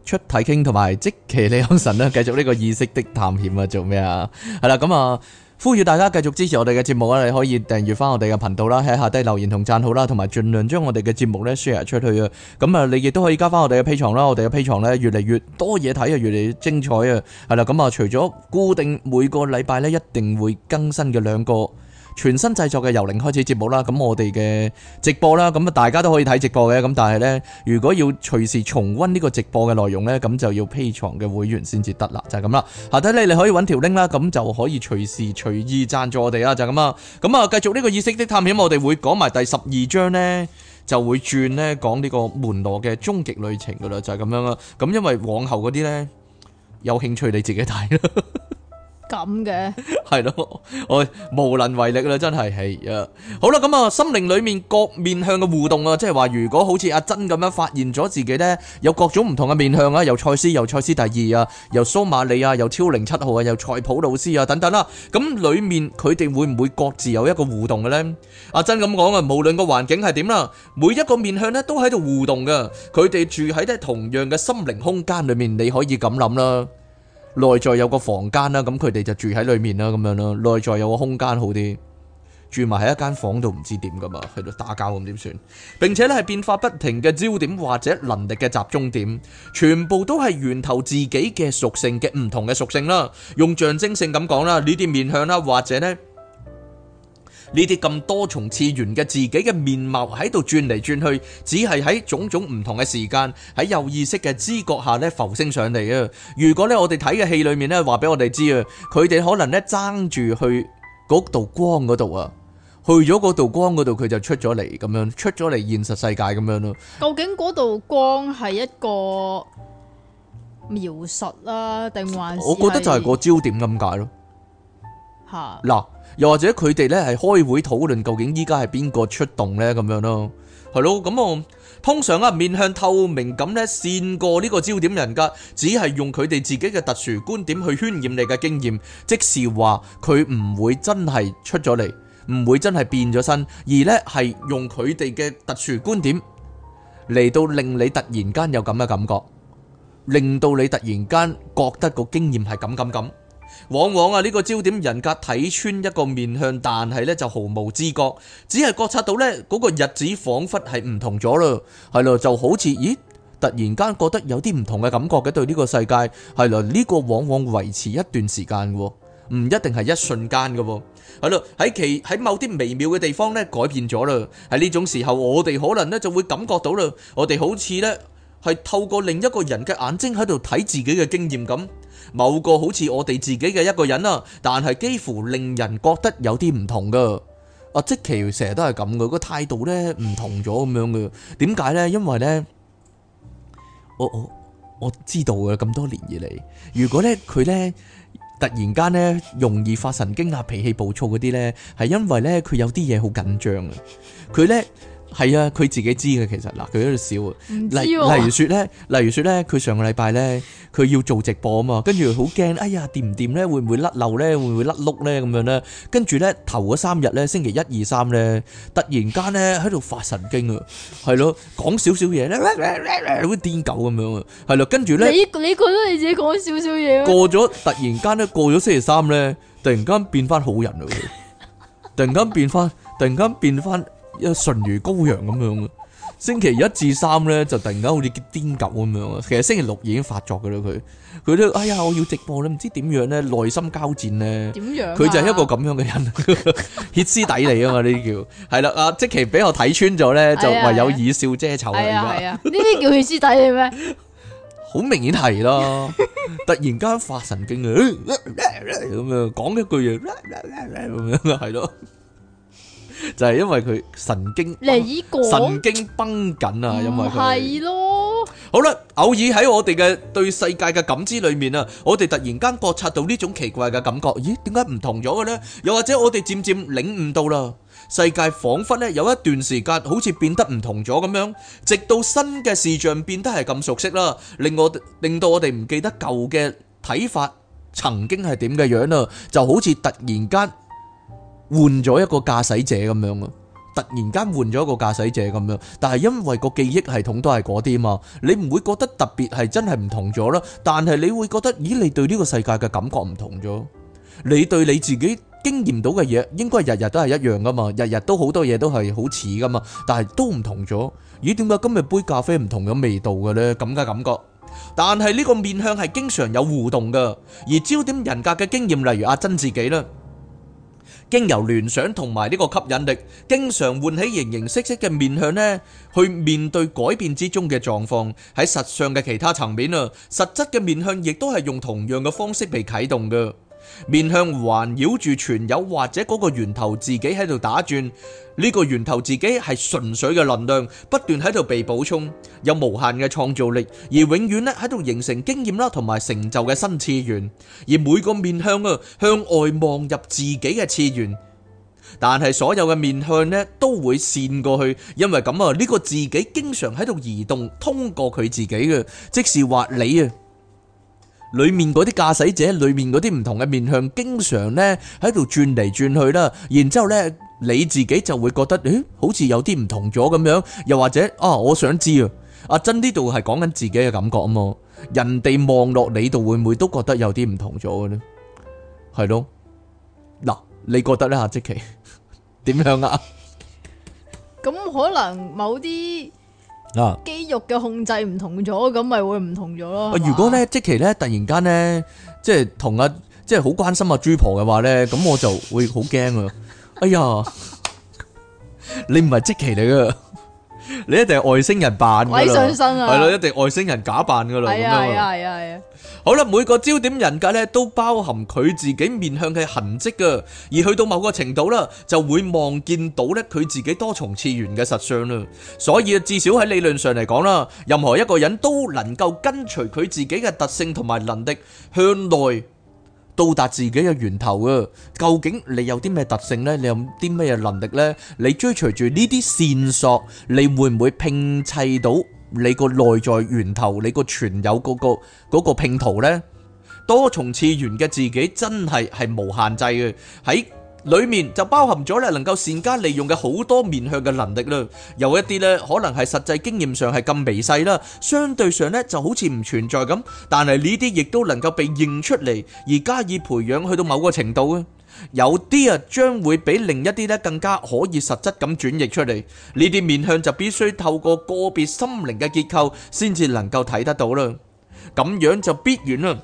A: 出體傾同埋即其你康神啦，繼續呢個意識的探險啊，做咩啊？係、嗯、啦，咁 啊、嗯。 呼籲大家繼續支持我哋嘅節目啊！你可以訂閱翻我哋嘅頻道啦，喺下低留言同讚好啦，同埋盡量將我哋嘅節目咧 share 出去啊！咁啊，你亦都可以加翻我哋嘅 P 床啦，我哋嘅 P 床咧越嚟越多嘢睇啊，越嚟越精彩啊！係啦，咁、嗯、啊，除咗固定每個禮拜咧一定會更新嘅兩個。全新製作嘅由零開始節目啦，咁我哋嘅直播啦，咁啊大家都可以睇直播嘅，咁但係呢，如果要隨時重温呢個直播嘅內容呢，咁就要 Patreon 嘅會員先至得啦，就係、是、咁啦。下底咧你可以揾條 link 啦，咁就可以隨時隨意贊助我哋啊，就係咁啊。咁、嗯、啊，繼續呢、這個意識的探險，我哋會講埋第十二章呢，就會轉呢講呢個門羅嘅終極旅程噶啦，就係、是、咁樣啦。咁、嗯、因為往後嗰啲呢，有興趣你自己睇啦。 咁嘅係咯，我無能為力啦，真係係啊！好啦，咁、嗯、啊心靈裏面各面向嘅互動啊，即係話如果好似阿珍咁樣發現咗自己呢，有各種唔同嘅面向啊，由賽斯，由賽斯第二啊，由蘇馬利啊，由超零七號啊，由賽普老師啊等等啦，咁、嗯、裏面佢哋會唔會各自有一個互動嘅呢？阿珍咁講啊，無論個環境係點啦，每一個面向呢都喺度互動噶，佢哋住喺啲同樣嘅心靈空間裏面，你可以咁諗啦。內在有個房間啦，咁佢哋就住喺裏面啦，咁樣啦。內在有個空間好啲，住埋喺一間房度唔知點噶嘛，喺度打交咁點算？並且咧係變化不停嘅焦點或者能力嘅集中點，全部都係源頭自己嘅屬性嘅唔同嘅屬性啦。用象徵性咁講啦，呢啲面向啦，啊，或者呢。呢啲咁多重次元嘅自己嘅面貌喺度轉嚟轉去，只係喺種種唔同嘅時間喺有意識嘅知覺下咧浮升上嚟啊！如果咧我哋睇嘅戲裏面咧話俾我哋知啊，佢哋可能咧爭住去嗰道光嗰度啊，去咗嗰道光嗰度佢就出咗嚟咁樣，出咗嚟現實世界咁樣咯。
B: 究竟嗰道光係一個描述啊，定還是？我覺得就係個焦
A: 點咁解咯。吓嗱。又或者佢哋咧係開會討論，究竟依家係邊個出動呢？咁樣咯，係咯？咁我通常啊，面向透明咁呢，善過呢個焦點人格，只係用佢哋自己嘅特殊觀點去渲染你嘅經驗，即是話佢唔會真係出咗嚟，唔會真係變咗身，而呢係用佢哋嘅特殊觀點嚟到令你突然間有咁嘅感覺，令到你突然間覺得個經驗係咁咁咁。往往啊，呢個焦點人格睇穿一個面向，但係咧就毫無知覺，只係覺察到呢嗰個日子彷彿係唔同咗咯，係咯，就好似咦，突然間覺得有啲唔同嘅感覺嘅對呢個世界，係咯，呢個往往維持一段時間嘅，唔一定係一瞬間嘅，係咯，喺其喺某啲微妙嘅地方咧改變咗啦，喺呢種時候我哋可能咧就會感覺到啦，我哋好似咧。係透過另一個人嘅眼睛喺度睇自己嘅經驗咁，某個好似我哋自己嘅一個人啊，但係幾乎令人覺得有啲唔同噶。啊即其成日都係咁噶，個態度咧唔同咗咁樣噶。點解咧？因為咧，我我我知道嘅，咁多年以嚟，如果咧佢咧突然間咧容易發神經啊、脾氣暴躁嗰啲咧，係因為咧佢有啲嘢好緊張啊，佢咧。係啊，佢自己知嘅其實嗱，佢喺度笑啊。例例如說咧，例如說咧，佢上個禮拜咧，佢要做直播啊嘛，跟住好驚，哎呀，掂唔掂咧？會唔會甩漏咧？會唔會甩碌咧？咁樣咧，跟住咧，頭嗰三日咧，星期一二三咧，突然間咧喺度發神經啊，係咯，講少少嘢咧，好似癲狗咁樣啊，係咯，跟住咧，你
B: 你覺得你自己講少少嘢？過
A: 咗突然間咧，過咗星期三咧，突然間變翻好人啊！突然間變翻，突然間變翻。一純如羔羊咁樣，星期一至三咧就突然間好似叫癲狗咁樣啊！其實星期六已經發作噶啦，佢佢都哎呀，我要直播咧，唔知點樣咧，內心交戰咧。點樣？佢就係一個咁樣嘅人，歇斯底里啊嘛，呢啲叫係啦。阿即其俾我睇穿咗咧，就唯有以笑遮醜啊。
B: 呢啲叫歇斯底里咩？
A: 好明顯係咯，突然間發神經咁樣講一句嘢，咁樣係咯。就係因為佢神經個神經繃緊啊，因為係
B: 咯，
A: 好啦，偶爾喺我哋嘅對世界嘅感知裏面啊，我哋突然間覺察到呢種奇怪嘅感覺，咦，點解唔同咗嘅呢？又或者我哋漸漸領悟到啦，世界仿佛咧有一段時間好似變得唔同咗咁樣，直到新嘅視像變得係咁熟悉啦，令我令到我哋唔記得舊嘅睇法曾經係點嘅樣啦，就好似突然間。換咗一個駕駛者咁樣啊，突然間換咗一個駕駛者咁樣，但係因為個記憶系統都係嗰啲嘛，你唔會覺得特別係真係唔同咗啦。但係你會覺得，咦，你對呢個世界嘅感覺唔同咗，你對你自己經驗到嘅嘢應該日日都係一樣噶嘛，日日都好多嘢都係好似噶嘛，但係都唔同咗。咦，點解今日杯咖啡唔同咗味道嘅呢？咁嘅感覺，但係呢個面向係經常有互動噶，而焦點人格嘅經驗，例如阿珍自己啦。經由聯想同埋呢個吸引力，經常喚起形形色色嘅面向呢，去面對改變之中嘅狀況。喺實相嘅其他層面啊，實質嘅面向亦都係用同樣嘅方式被啟動嘅。面向環繞住全有或者嗰個源頭自己喺度打轉，呢個源頭自己係純粹嘅能量，不斷喺度被補充，有無限嘅創造力，而永遠咧喺度形成經驗啦同埋成就嘅新次元。而每個面向啊向外望入自己嘅次元，但係所有嘅面向咧都會扇過去，因為咁啊呢個自己經常喺度移動，通過佢自己嘅，即是話你啊。裏面嗰啲駕駛者，裏面嗰啲唔同嘅面向，經常呢喺度轉嚟轉去啦。然之後呢，你自己就會覺得，誒，好似有啲唔同咗咁樣。又或者啊，我想知啊，阿珍呢度係講緊自己嘅感覺啊嘛。人哋望落你度會唔會都覺得有啲唔同咗嘅咧？係咯，嗱，你覺得呢？阿、啊、即奇點樣啊？
B: 咁 可能某啲。啊、肌肉嘅控制唔同咗，咁咪會唔同咗咯。如果
A: 咧， 即期咧，突然間咧，即係同阿即係好關心阿、啊、豬婆嘅話咧，咁我就會好驚啊！哎呀， 你唔係即期嚟噶。你一定係外星人扮噶啦，鬼上身啊，係咯，一定外星人假扮噶啦。係啊係啊係啊，好啦，每個焦點人格咧都包含佢自己面向嘅痕迹噶，而去到某個程度啦，就會望見到咧佢自己多重次元嘅實相啦。所以至少喺理論上嚟講啦，任何一個人都能夠跟隨佢自己嘅特性同埋能力向內。到達自己嘅源頭嘅，究竟你有啲咩特性呢？你有啲咩能力呢？你追隨住呢啲線索，你會唔會拼砌到你個內在源頭？你個存有嗰個嗰個拼圖呢？多重次元嘅自己真係係無限制嘅喺。裏面就包含咗咧，能夠善加利用嘅好多面向嘅能力啦。有一啲咧，可能係實際經驗上係咁微細啦，相對上咧就好似唔存在咁。但係呢啲亦都能夠被認出嚟，而加以培養，去到某個程度啊。有啲啊，將會比另一啲咧更加可以實質咁轉譯出嚟。呢啲面向就必須透過個別心靈嘅結構先至能夠睇得到啦。咁樣就必然啦。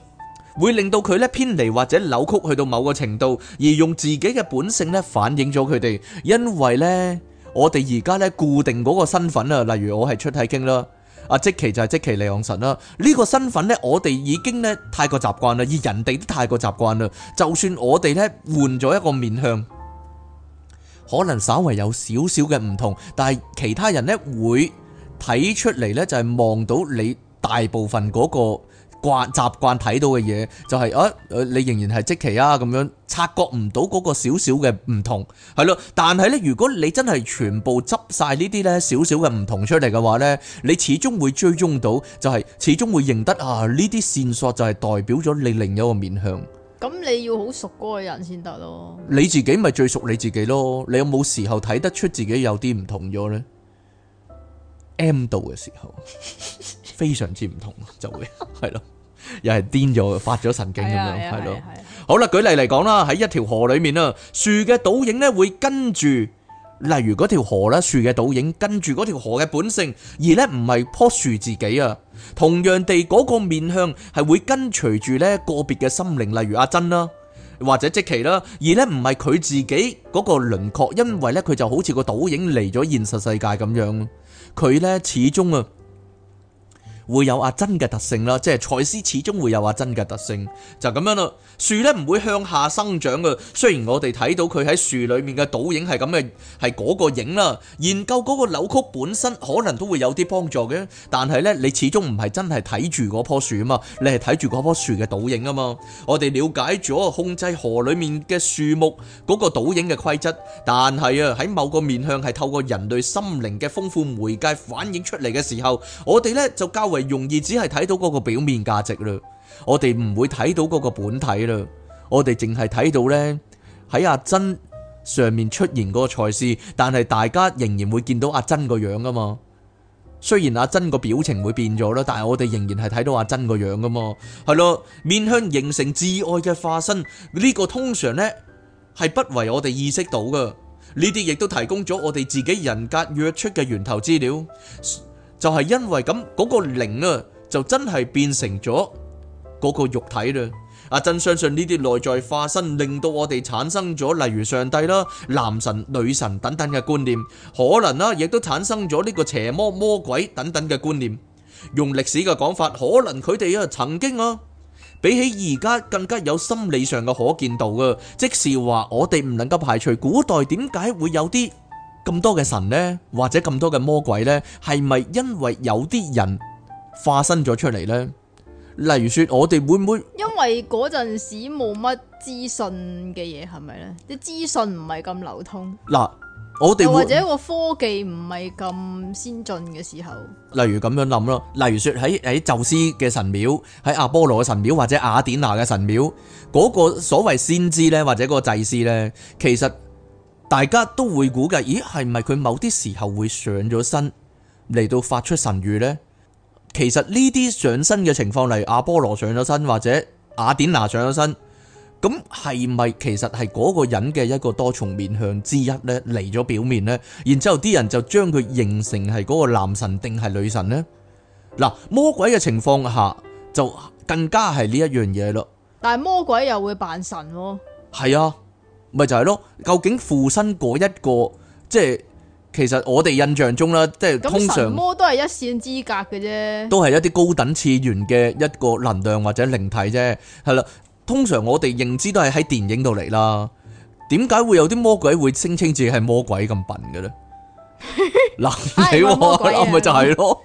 A: 會令到佢咧偏離或者扭曲去到某個程度，而用自己嘅本性咧反映咗佢哋。因為呢，我哋而家咧固定嗰個身份啊，例如我係出體經啦，啊，即期就係即期嚟往神啦。呢、這個身份呢，我哋已經咧太過習慣啦，而人哋都太過習慣啦。就算我哋咧換咗一個面向，可能稍為有少少嘅唔同，但係其他人咧會睇出嚟呢就係、是、望到你大部分嗰、那個。慣習慣睇到嘅嘢就係啊，你仍然係即期啊，咁樣，察覺唔到嗰個少少嘅唔同係咯。但係咧，如果你真係全部執晒呢啲咧少少嘅唔同出嚟嘅話咧，你始終會追蹤到，就係始終會認得啊呢啲線索就係代表咗你另一個面向。
B: 咁你要好熟嗰個人先得咯。
A: 你自己咪最熟你自己咯。你有冇時候睇得出自己有啲唔同咗咧？M 度嘅時候非常之唔同，就會係咯。又係癲咗，發咗神經咁樣，係咯。好啦，舉例嚟講啦，喺一條河裏面啊，樹嘅倒影咧會跟住，例如嗰條河啦，樹嘅倒影跟住嗰條河嘅本性，而咧唔係棵樹自己啊。同樣地，嗰個面向係會跟隨住咧個別嘅心靈，例如阿珍啦，或者積奇啦，而咧唔係佢自己嗰個輪廓，因為咧佢就好似個倒影嚟咗現實世界咁樣，佢咧始終啊。會有阿珍嘅特性啦，即係賽斯始終會有阿珍嘅特性，就咁樣咯。樹咧唔會向下生長嘅，雖然我哋睇到佢喺樹裏面嘅倒影係咁嘅，係嗰個影啦。研究嗰個扭曲本身可能都會有啲幫助嘅，但係咧你始終唔係真係睇住嗰棵樹啊嘛，你係睇住嗰棵樹嘅倒影啊嘛。我哋了解咗控制河裏面嘅樹木嗰個倒影嘅規則，但係啊喺某個面向係透過人類心靈嘅豐富媒介反映出嚟嘅時候，我哋咧就交為容易，只係睇到嗰個表面價值嘞，我哋唔會睇到嗰個本體嘞。我哋淨係睇到呢，喺阿珍上面出現嗰個賽斯，但係大家仍然會見到阿珍個樣噶嘛。雖然阿珍個表情會變咗啦，但係我哋仍然係睇到阿珍個樣噶嘛。係咯，面向形成至愛嘅化身呢個通常呢，係不為我哋意識到噶，呢啲亦都提供咗我哋自己人格躍出嘅源頭資料。就係因為咁嗰個靈啊，就真係變成咗嗰個肉體啦。阿珍相信呢啲內在化身令到我哋產生咗，例如上帝啦、男神、女神等等嘅觀念，可能啦，亦都產生咗呢個邪魔魔鬼等等嘅觀念。用歷史嘅講法，可能佢哋啊曾經啊，比起而家更加有心理上嘅可見度啊。即是話我哋唔能夠排除古代點解會有啲。咁多嘅神呢，或者咁多嘅魔鬼呢，係咪因為有啲人化身咗出嚟呢？例如說我會會，我哋會唔會
B: 因為嗰陣時冇乜資訊嘅嘢係咪呢？啲資訊唔係咁流通。
A: 嗱，我哋或者一個
B: 科技唔係咁先進嘅時候。
A: 例如咁樣諗咯，例如說喺喺宙斯嘅神廟，喺阿波羅嘅神廟，或者雅典娜嘅神廟，嗰個所謂先知呢，或者個祭司呢，其實。大家都會估計，咦，係咪佢某啲時候會上咗身嚟，到發出神諭呢？其實呢啲上身嘅情況，例如阿波羅上咗身或者雅典娜上咗身，咁係咪其實係嗰個人嘅一個多重面向之一呢？嚟咗表面呢，然之後啲人就將佢形成係嗰個男神定係女神呢？嗱，魔鬼嘅情況下就更加係呢一樣嘢咯。
B: 但係魔鬼又會扮神喎。
A: 係啊。咪就係咯，究竟附身嗰一個，即係其實我哋印象中啦，即係咁神魔
B: 都係一綫之隔嘅啫，都
A: 係一啲高等次元嘅一個能量或者靈體啫，係啦。通常我哋認知都係喺電影度嚟啦，點解會有啲魔鬼會聲稱自己係魔鬼咁笨嘅咧？嗱，你諗啦，咪就係咯，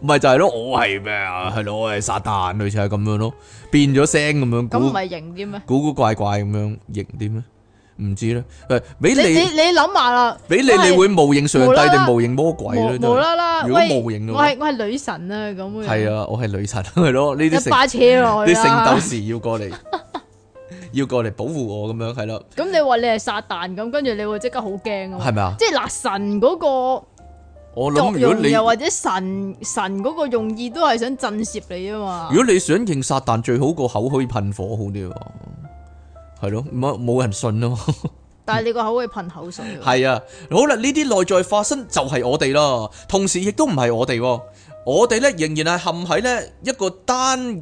A: 咪就係咯，我係咩啊？係咯，我係撒旦，類似係咁樣咯，變咗聲咁樣，咁唔係
B: 型啲咩？古
A: 古怪怪咁樣型啲咩？唔知咧，俾你
B: 你諗下啦，俾你你會冒認上帝定冒
A: 認魔鬼咧？無啦啦，如果冒認，我係
B: 我係女神啊！咁係
A: 啊，我係女神係咯，呢啲聖鬥士要過嚟，要過嚟保護我咁樣係咯。
B: 咁你話你係撒旦咁，跟住你會即刻好驚噶嘛？係咪啊？即係嗱，神嗰個，
A: 我諗，如果你又或
B: 者神神嗰個用意都係想震懾你啊嘛。
A: 如果你想認撒旦，最好個口可以噴火好啲。係咯，冇冇人信咯，啊。
B: 但係你個口會噴口水。
A: 係啊，好啦，呢啲內在發生就係我哋咯，同時亦都唔係我哋。我哋咧仍然係陷喺呢一個單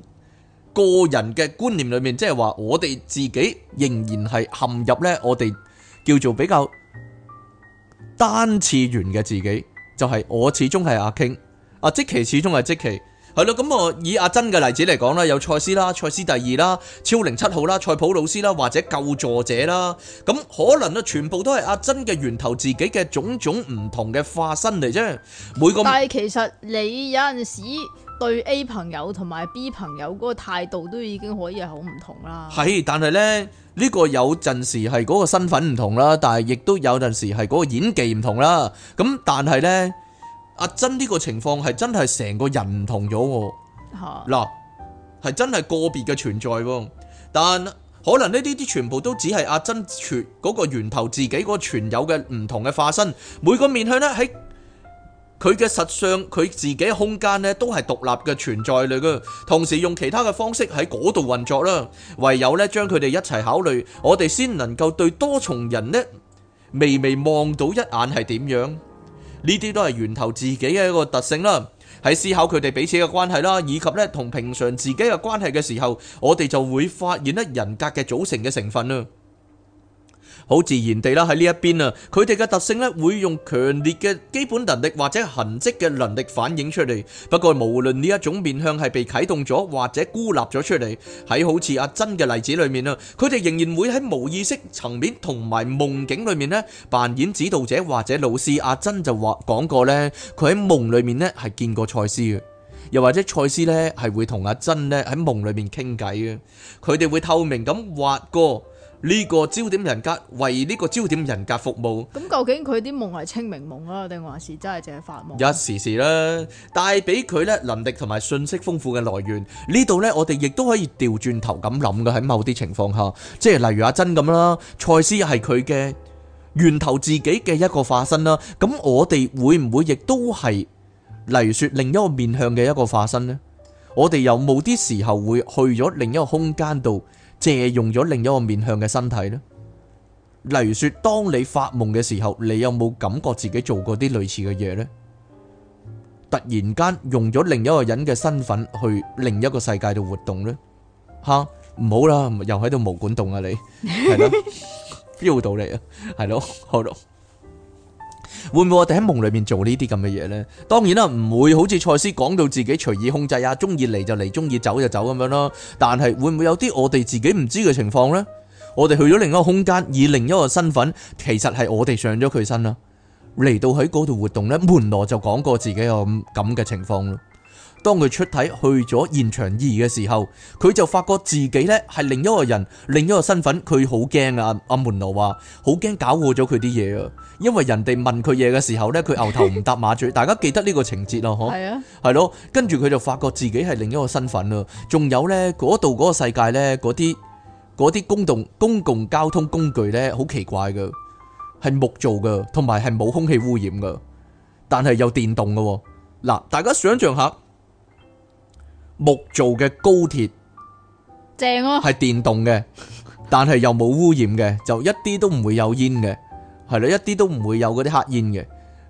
A: 個人嘅觀念裏面，即係話我哋自己仍然係陷入呢。我哋叫做比較單次元嘅自己，就係、是、我始終係阿 King，阿，啊、J.K. 始終係 J.K. 係咯，咁啊以阿珍嘅例子嚟講啦，有賽斯啦、賽斯第二啦、超零七號啦、賽普老師啦，或者救助者啦，咁可能都全部都係阿珍嘅源頭自己嘅種種唔同嘅化身嚟啫。每個但係
B: 其實你有陣時對 A 朋友同埋 B 朋友嗰個態度都已經可以係好唔同啦。
A: 係，但係咧呢、呢個有陣時係嗰個身份唔同啦，但係亦都有陣時係嗰個演技唔同啦。咁但係呢。阿珍呢個情況係真係成個人唔同咗，嗱係、啊、真係個別嘅存在，但可能呢啲啲全部都只係阿珍全嗰、嗰個源頭自己嗰個存有嘅唔同嘅化身，每個面向呢，喺佢嘅實相，佢自己空間呢，都係獨立嘅存在嚟嘅，同時用其他嘅方式喺嗰度運作啦，唯有呢，將佢哋一齊考慮，我哋先能夠對多重人呢，微微望到一眼係點樣。呢啲都係源頭自己嘅一個特性啦，喺思考佢哋彼此嘅關係啦，以及咧同平常自己嘅關係嘅時候，我哋就會發現咧人格嘅組成嘅成分啦。好自然地啦，喺呢一邊啊，佢哋嘅特性呢，會用強烈嘅基本能力或者痕跡嘅能力反映出嚟。不過無論呢一種面向係被啟動咗或者孤立咗出嚟，喺好似阿珍嘅例子裏面啊，佢哋仍然會喺無意識層面同埋夢境裏面呢，扮演指導者或者老師。阿珍就話講過呢，佢喺夢裏面呢係見過賽斯嘅，又或者賽斯呢係會同阿珍呢喺夢裏面傾偈嘅。佢哋會透明咁滑過。呢個焦點人格為呢個焦點人格服務，
B: 咁究竟佢啲夢係清明夢呀，定還是真係淨係發夢？一
A: 時時啦，帶俾佢咧能力同埋信息豐富嘅來源。呢度咧，我哋亦都可以調轉頭咁諗嘅。喺某啲情況下，即係例如阿珍咁啦，賽斯係佢嘅源頭，自己嘅一個化身啦。咁我哋會唔會亦都係，例如說另一個面向嘅一個化身咧？我哋有冇啲時候會去咗另一個空間度？借用咗另一個面向嘅身體咧，例如說當你發夢嘅時候，你有冇感覺自己做過啲類似嘅嘢咧？突然間用咗另一個人嘅身份去另一個世界度活動咧，吓，唔好啦，又喺度毛管動啊你。係咯，feel 到你啊。係咯，好咯。會唔會我哋喺夢裏面做呢啲咁嘅嘢呢？當然啦，唔會好似賽斯講到自己隨意控制啊，中意嚟就嚟，中意走就走咁樣咯。但係會唔會有啲我哋自己唔知嘅情況呢？我哋去咗另一個空間，以另一個身份，其實係我哋上咗佢身啦。嚟到喺嗰度活動呢，門羅就講過自己有咁嘅情況咯。當佢出體去咗現場二嘅時候，佢就發覺自己呢係另一個人，另一個身份，佢好驚啊！阿、啊、門羅話好驚搞過咗佢啲嘢啊！因為人哋問佢嘢嘅時候呢，佢牛頭唔搭馬嘴。大家記得呢個情節咯，嗬？係啊，係咯。跟住佢就發覺自己係另一個身份啦。仲有呢，嗰度嗰個世界呢，嗰啲嗰啲公共公共交通工具呢，好奇怪嘅，係木做嘅，同埋係冇空氣污染嘅，但係又電動嘅。嗱，大家想象下木做嘅高鐵，
B: 正哦，係
A: 電動嘅，但係又冇污染嘅，就一啲都唔會有煙嘅。係咯，一啲都唔會有嗰啲黑煙嘅，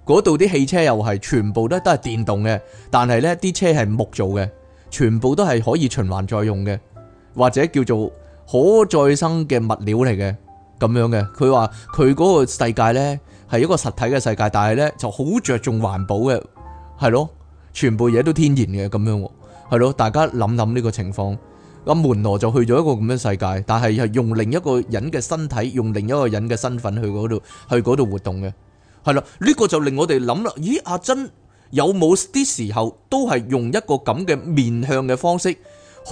A: 嗰度啲汽車又係全部都都係電動嘅，但係呢啲車係木做嘅，全部都係可以循環再用嘅，或者叫做可再生嘅物料嚟嘅咁樣嘅。佢話佢嗰個世界呢係一個實體嘅世界，但係呢就好着重環保嘅，係咯，全部嘢都天然嘅咁樣喎，係咯，大家諗諗呢個情況。個門羅就去咗一個咁樣世界，但係係用另一個人嘅身體，用另一個人嘅身份去嗰度，去嗰度活動嘅，係啦，呢個就令我哋諗啦，咦，阿珍有冇啲時候都係用一個咁嘅面向嘅方式去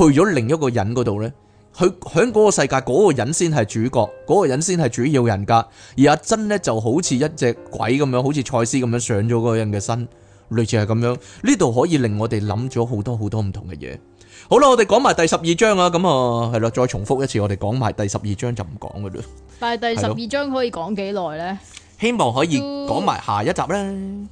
A: 咗另一個人嗰度呢？佢響嗰個世界，嗰個人先係主角，嗰個人先係主要人格，而阿珍呢，就好似一隻鬼咁樣，好似賽斯咁樣上咗嗰個人嘅身，類似係咁樣，呢度可以令我哋諗咗好多好多唔同嘅嘢。好啦，我哋講埋第十二章啊，咁啊係咯，再重複一次，我哋講埋第十二章就唔講噶啦。
B: 但係第十二章可以講幾耐咧？
A: 希望可以講埋下一集咧。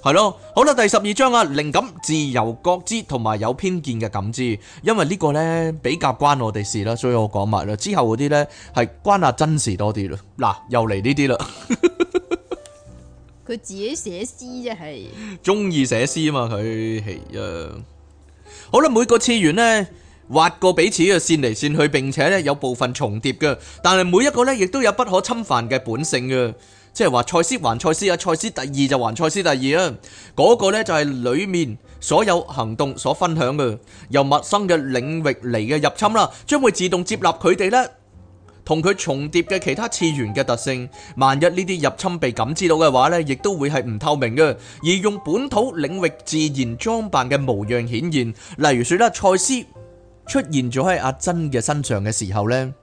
A: 係咯，好啦，第十二章啊，靈感、自由覺知同埋有偏見嘅感知，因為呢個咧比較關我哋事啦，所以我講埋啦。之後嗰啲咧係關啊真實多啲啦。嗱，又嚟呢啲啦。
B: 佢自己寫詩啫，係
A: 中意寫詩啊嘛，佢係啊。好啦，每個次元呢，劃過彼此嘅線嚟線去，並且呢有部分重疊嘅，但係每一個呢亦都有不可侵犯嘅本性嘅，即係話賽斯還賽斯啊，賽斯第二就還賽斯第二啊，嗰個呢就係裡面所有行動所分享嘅，由陌生嘅領域嚟嘅入侵啦，將會自動接納佢哋咧。同佢重疊嘅其他次元嘅特性，萬一呢啲入侵被感知到嘅話呢亦都會係唔透明嘅。而用本土領域自然裝扮嘅模樣顯現，例如說啦，賽斯出現咗喺阿珍嘅身上嘅時候呢，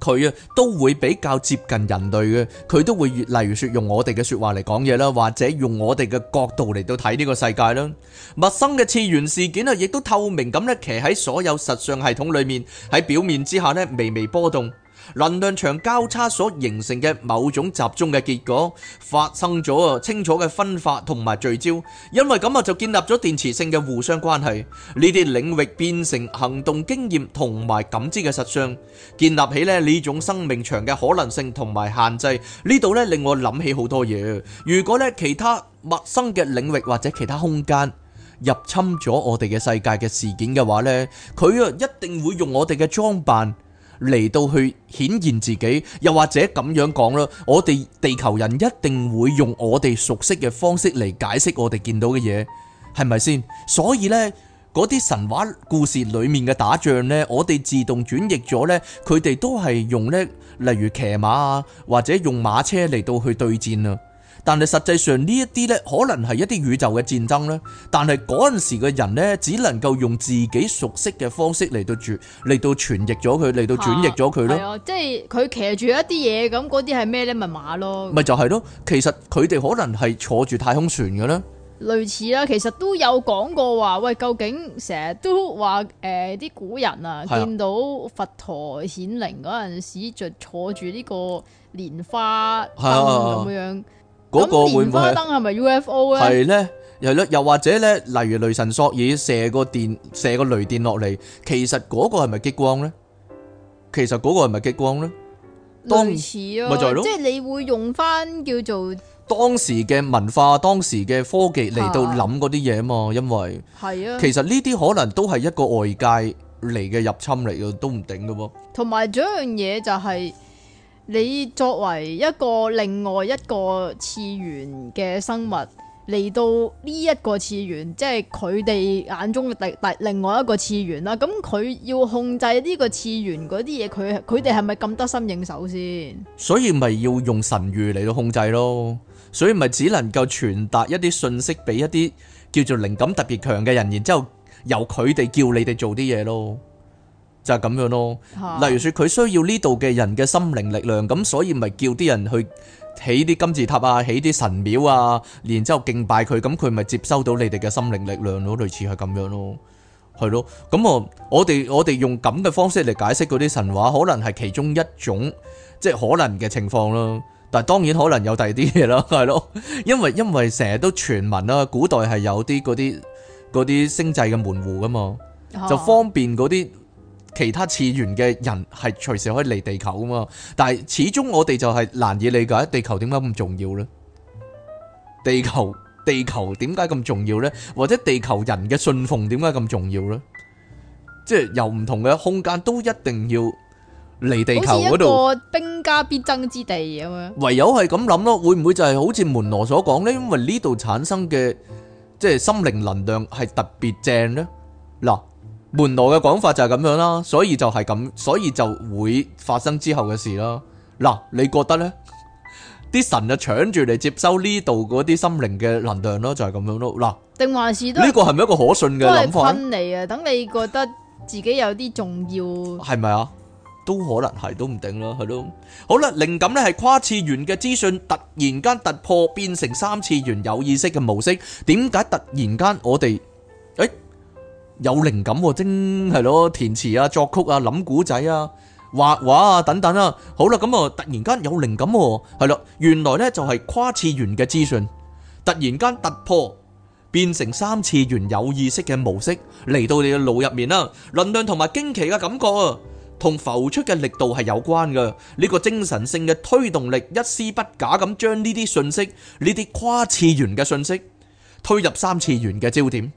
A: 佢啊都會比較接近人類嘅，佢都會越，例如說用我哋嘅說話嚟講嘢啦，或者用我哋嘅角度嚟到睇呢個世界啦。陌生嘅次元事件啊，亦都透明咁咧，企喺所有實相系統裏面，喺表面之下呢，微微波動。能量場交叉所形成嘅某種集中嘅結果，發生咗啊清楚嘅分化同埋聚焦，因為咁啊就建立咗電磁性嘅互相關係，呢啲領域變成行動經驗同埋感知嘅實相，建立起呢呢種生命場嘅可能性同埋限制。呢度呢令我諗起好多嘢。如果呢其他陌生嘅領域或者其他空間入侵咗我哋嘅世界嘅事件嘅話呢，佢啊一定會用我哋嘅裝扮。嚟到去顯現自己，又或者咁樣講啦，我哋地球人一定會用我哋熟悉嘅方式嚟解釋我哋見到嘅嘢，係咪先？所以呢，嗰啲神話故事裏面嘅打仗呢，我哋自動轉譯咗呢。佢哋都係用呢，例如騎馬啊，或者用馬車嚟到去對戰啊。但係實際上呢一啲呢，可能係一啲宇宙嘅戰爭咧。但係嗰陣時嘅人呢，只能夠用自己熟悉嘅方式嚟到住，嚟到傳譯咗佢，嚟到轉譯咗佢咯。
B: 係啊，即係佢騎住一啲嘢咁，嗰啲係咩呢？密碼咯。咪
A: 就係咯，其實佢哋可能係坐住太空船嘅啦，
B: 類似啦，其實都有講過話，喂，究竟成日都話誒啲古人啊，見到佛陀顯靈嗰陣時，就、啊、坐住呢個蓮花咁樣。
A: 嗰個會唔會？燈
B: 係咪 UFO 呀？係
A: 咧，又咧，又或者咧，例如雷神索爾射個電，射個雷電落嚟，其實嗰個係咪激光咧？其實嗰個係咪激光咧？
B: 類似咯，即係你會用返叫做
A: 當時嘅文化、當時嘅科技嚟到諗嗰啲嘢啊嘛，因為其實呢啲可能都係一個外界嚟嘅入侵嚟嘅，都唔定嘅噃。
B: 同埋仲有一樣嘢就係。你作為一個另外一個次元嘅生物嚟到呢一個次元，即係佢哋眼中嘅第第另外一個次元啦。咁佢要控制呢個次元嗰啲嘢，佢佢哋係咪咁得心應手先？
A: 所以咪要用神諭嚟到控制咯。所以咪只能夠傳達一啲信息俾一啲叫做靈感特別強嘅人，然之後由佢哋叫你哋做啲嘢咯。就咁樣咯，例如說佢需要呢度嘅人嘅心靈力量，咁所以咪叫啲人去起啲金字塔啊，起啲神廟啊，然之後敬拜佢，咁佢咪接收到你哋嘅心靈力量咯，類似係咁樣咯，係咯，咁我我哋我哋用咁嘅方式嚟解釋嗰啲神話，可能係其中一種即係可能嘅情況咯，但係當然可能有第二啲嘢啦，係咯，因為因為成日都傳聞啦，古代係有啲嗰啲嗰啲星際嘅門戶噶嘛，就方便嗰啲。其他次元嘅人係隨時可以嚟地球噶嘛，但係始終我哋就係難以理解地球點解咁重要呢？地球地球點解咁重要呢？或者地球人嘅信奉點解咁重要呢？即係由唔同嘅空間都一定要嚟地球嗰度。一個
B: 兵家必爭之地咁樣。
A: 唯有係咁諗咯，會唔會就係好似門羅所講呢？因為呢度產生嘅即係心靈能量係特別正呢嗱。門羅嘅講法就係咁樣啦，所以就係咁，所以就會發生之後嘅事啦。嗱，你覺得呢？啲神就搶住嚟接收呢度嗰啲心靈嘅能量咯，就係、是、咁樣咯。嗱，
B: 定還是都呢個係咪
A: 一個可信嘅諗法？都係你
B: 啊！等你覺得自己有啲重要，
A: 係咪啊？都可能係，都唔定啦，係咯。好啦，靈感呢係跨次元嘅資訊突然間突破，變成三次元有意識嘅模式。點解突然間我哋？有靈感，真係咯，填詞啊、作曲啊、諗故仔啊、畫畫啊等等啦。好啦，咁啊，突然間有靈感喎，係咯，原來呢就係跨次元嘅資訊，突然間突破，變成三次元有意識嘅模式嚟到你嘅腦入面啦，能量同埋驚奇嘅感覺啊，同浮出嘅力度係有關嘅，呢個精神性嘅推動力，一絲不假咁將呢啲信息，呢啲跨次元嘅信息推入三次元嘅焦點。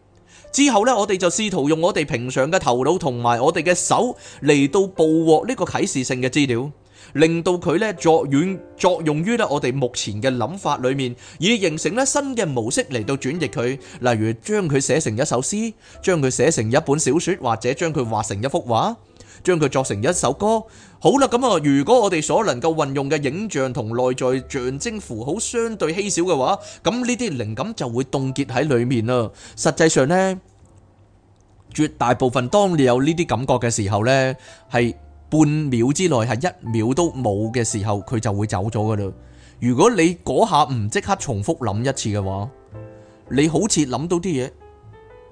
A: 之後呢，我哋就試圖用我哋平常嘅頭腦同埋我哋嘅手嚟到捕獲呢個啟示性嘅資料，令到佢呢作軟作用於呢我哋目前嘅諗法裡面，以形成呢新嘅模式嚟到轉譯佢，例如將佢寫成一首詩，將佢寫成一本小説，或者將佢畫成一幅畫。將佢作成一首歌。好啦，咁啊，如果我哋所能夠運用嘅影像同內在象徵符號相對稀少嘅話，咁呢啲靈感就會凍結喺裏面啦。實際上呢，絕大部分當你有呢啲感覺嘅時候呢，係半秒之內係一秒都冇嘅時候，佢就會走咗噶啦。如果你嗰下唔即刻重複諗一次嘅話，你好似諗到啲嘢。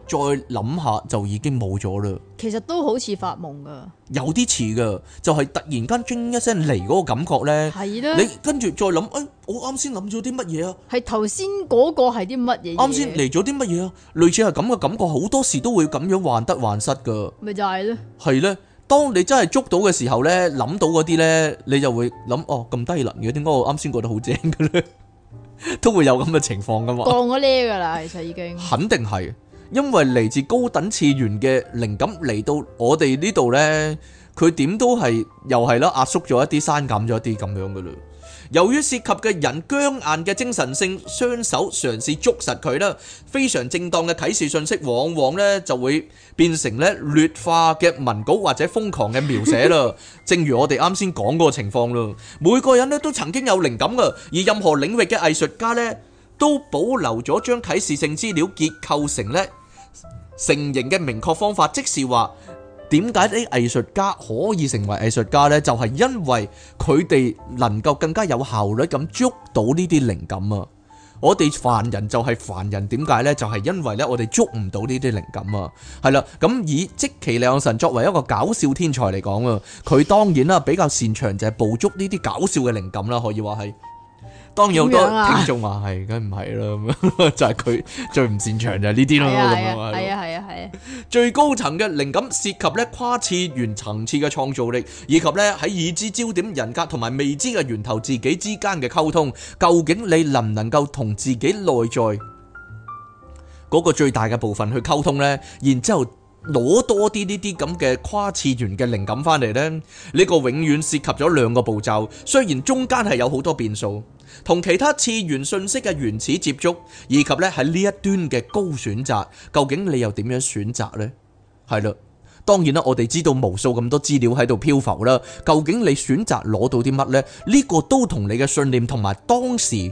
A: 再諗下就已經冇咗啦。
B: 其實都好似發夢噶，
A: 有啲似噶，就係突然間驚一聲嚟嗰個感覺咧。係啦，你跟住再諗，誒，
B: 我啱先諗咗啲乜嘢啊？係頭先嗰個係啲乜嘢？啱先嚟
A: 咗啲乜嘢啊？類似係咁嘅感覺，好多時都會咁樣患得患失噶。咪就係咯。係咧，當你真係捉到嘅時候咧，諗到嗰啲咧，你就會諗，哦，咁低能嘅，點解我啱先覺得好正嘅咧？都會有咁嘅情況噶嘛。降
B: 咗咧噶啦，其實已經。
A: 肯定係。因為嚟自高等次元嘅靈感嚟到我哋呢度呢，佢點都係又係啦，壓縮咗一啲，刪減咗一啲咁樣嘅嘞。由於涉及嘅人僵硬嘅精神性雙手嘗試捉實佢啦，非常正當嘅啟示信息往往呢就會變成咧劣化嘅文稿或者瘋狂嘅描寫啦。 正如我哋啱先講過情況啦，每個人呢都曾經有靈感噶，而任何領域嘅藝術家呢。都保留咗將啟示性資料結構成咧成型嘅明確方法，即是話點解啲藝術家可以成為藝術家呢？就係因為佢哋能夠更加有效率咁捉到呢啲靈感啊！我哋凡人就係凡人，點解呢？就係因為呢，我哋捉唔到呢啲靈感啊！係啦，咁以即其利昂臣作為一個搞笑天才嚟講啊，佢當然啦，比較擅長就係捕捉呢啲搞笑嘅靈感啦，可以話係。當然好多聽眾話係，梗唔係啦，就係佢最唔擅長就係呢啲咯。係啊，係啊，係啊，最高層嘅靈感涉及咧跨次元層次嘅創造力，以及咧喺已知焦點人格同埋未知嘅源頭自己之間嘅溝通。究竟你能唔能夠同自己內在嗰個最大嘅部分去溝通呢？然之後，攞多啲呢啲咁嘅跨次元嘅靈感翻嚟呢，呢個永遠涉及咗兩個步驟。雖然中間係有好多變數，同其他次元信息嘅原始接觸，以及呢喺呢一端嘅高選擇，究竟你又點樣選擇呢？係啦，當然啦，我哋知道無數咁多資料喺度漂浮啦。究竟你選擇攞到啲乜呢？呢個都同你嘅信念同埋當時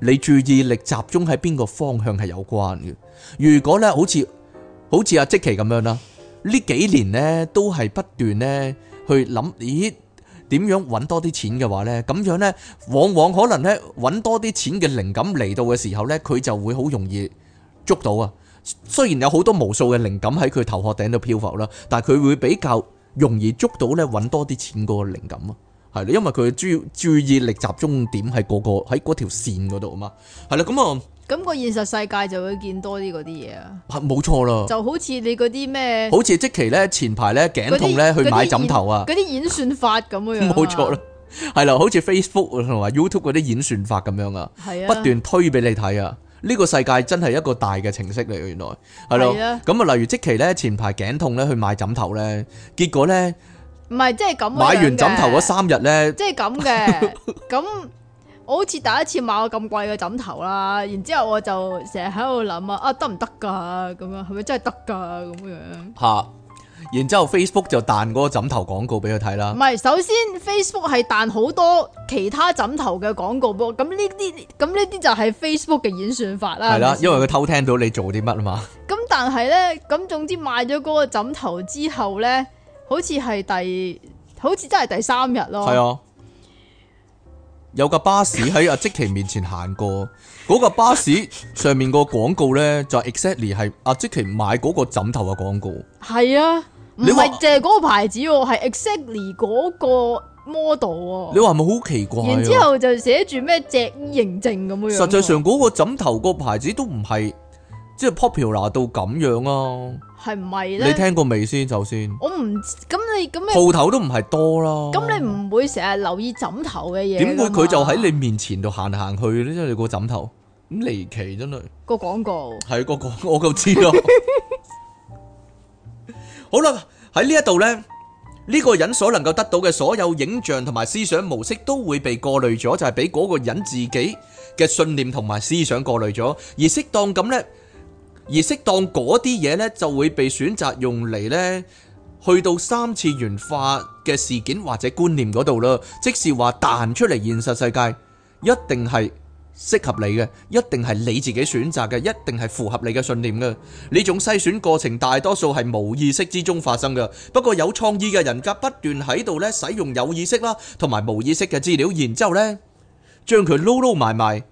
A: 你注意力集中喺邊個方向係有關嘅。如果咧，好似好似阿即奇咁樣啦，呢幾年呢，都係不斷呢去諗，咦點樣揾多啲錢嘅話呢。咁樣呢，往往可能呢，揾多啲錢嘅靈感嚟到嘅時候呢，佢就會好容易捉到啊。雖然有好多無數嘅靈感喺佢頭殼頂度漂浮啦，但係佢會比較容易捉到呢，揾多啲錢嗰個靈感啊。係啦，因為佢注意力集中點係、個個喺嗰條線嗰度啊嘛。係啦，咁啊。咁
B: 個現實世界就會見多啲嗰啲嘢
A: 啊，冇錯啦，就
B: 好似你嗰啲咩，好似
A: 即期呢前排呢頸痛呢些去買枕頭啊，嗰啲
B: 演算法咁樣，冇錯啦，
A: 係啦，好似 Facebook 同埋 YouTube 嗰啲演算法咁樣啊，係啊，不斷推俾你睇啊，呢、這個世界真係一個大嘅程式嚟嘅。原來係咯，咁啊、嗯，例如即期呢前排頸痛呢去買枕頭呢，結果呢，唔
B: 係即係咁，就是、個個買完枕頭嗰三日呢，即係咁嘅，咁。 我好似第一次買過咁貴嘅枕頭啦，然之後我就成日喺度諗啊，行行是是的的啊得唔得噶？咁樣係咪真係得噶？咁樣
A: 吓，然之後 Facebook 就彈嗰個枕頭廣告俾佢睇啦。
B: 唔係，首先 Facebook 係彈好多其他枕頭嘅廣告噃。咁呢啲咁呢啲就係 Facebook 嘅演算法啦。係啦、啊，因為佢偷
A: 聽到你做啲乜啊嘛。
B: 咁但係咧，咁總之買咗嗰個枕頭之後咧，好似係第，好似真係第三日咯。係啊。
A: 有架巴士喺阿 Jackie 面前行過，嗰架巴士上面個廣告咧就係 exactly 係阿 Jackie 買嗰個枕頭嘅廣告。
B: 係啊，唔係只係嗰個牌子，係 exactly 嗰個 model
A: 啊。你話係咪好奇怪啊？然之後
B: 就寫住咩隻認證咁樣。實際
A: 上嗰個枕頭個牌子都唔係，即係 popular 到咁樣啊。
B: 係唔係咧？你聽
A: 過未先？首先，
B: 我唔知。咁你咁鋪頭都唔
A: 係多咯。咁你
B: 唔會成日留意枕頭嘅嘢？點會？佢就喺
A: 你面前度行行去咧，即係你個枕頭咁離奇，真係個廣告係個廣告，我夠知咯。好啦，喺呢一度咧，呢個人所能夠得到嘅所有影像同埋思想模式，都會被過濾咗，就係俾嗰個人自己嘅信念同埋思想過濾咗，而適當咁咧。而適當嗰啲嘢呢，就會被選擇用嚟呢去到三次元化嘅事件或者觀念嗰度咯。即是話彈出嚟現實世界，一定係適合你嘅，一定係你自己選擇嘅，一定係符合你嘅信念嘅。呢種篩選過程大多數係無意識之中發生嘅。不過有創意嘅人格不斷喺度咧，使用有意識啦同埋無意識嘅資料，然之後呢將佢撈撈埋埋，埋。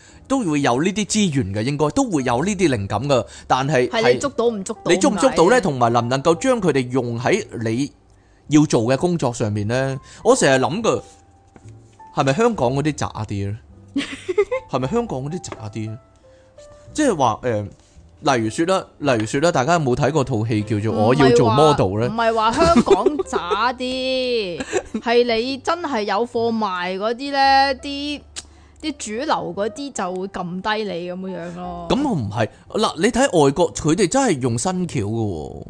A: 都會有呢啲資源嘅，應該都會有呢啲靈感㗎。但係係你捉
B: 到唔捉到？你捉唔捉到咧？同
A: 埋能唔能夠將佢哋用喺你要做嘅工作上面咧？我成日諗㗎，係咪香港嗰啲渣啲咧？係咪香港嗰啲渣啲咧？即係話誒，例如説啦，例如説啦，大家有冇睇過套戲叫做《我要做 model》咧？唔係
B: 話香港渣啲，係你真係有貨賣嗰啲咧，啲。啲主流嗰啲就會撳低你咁樣咯。
A: 咁我唔係嗱，你睇外國佢哋真係用新橋嘅喎，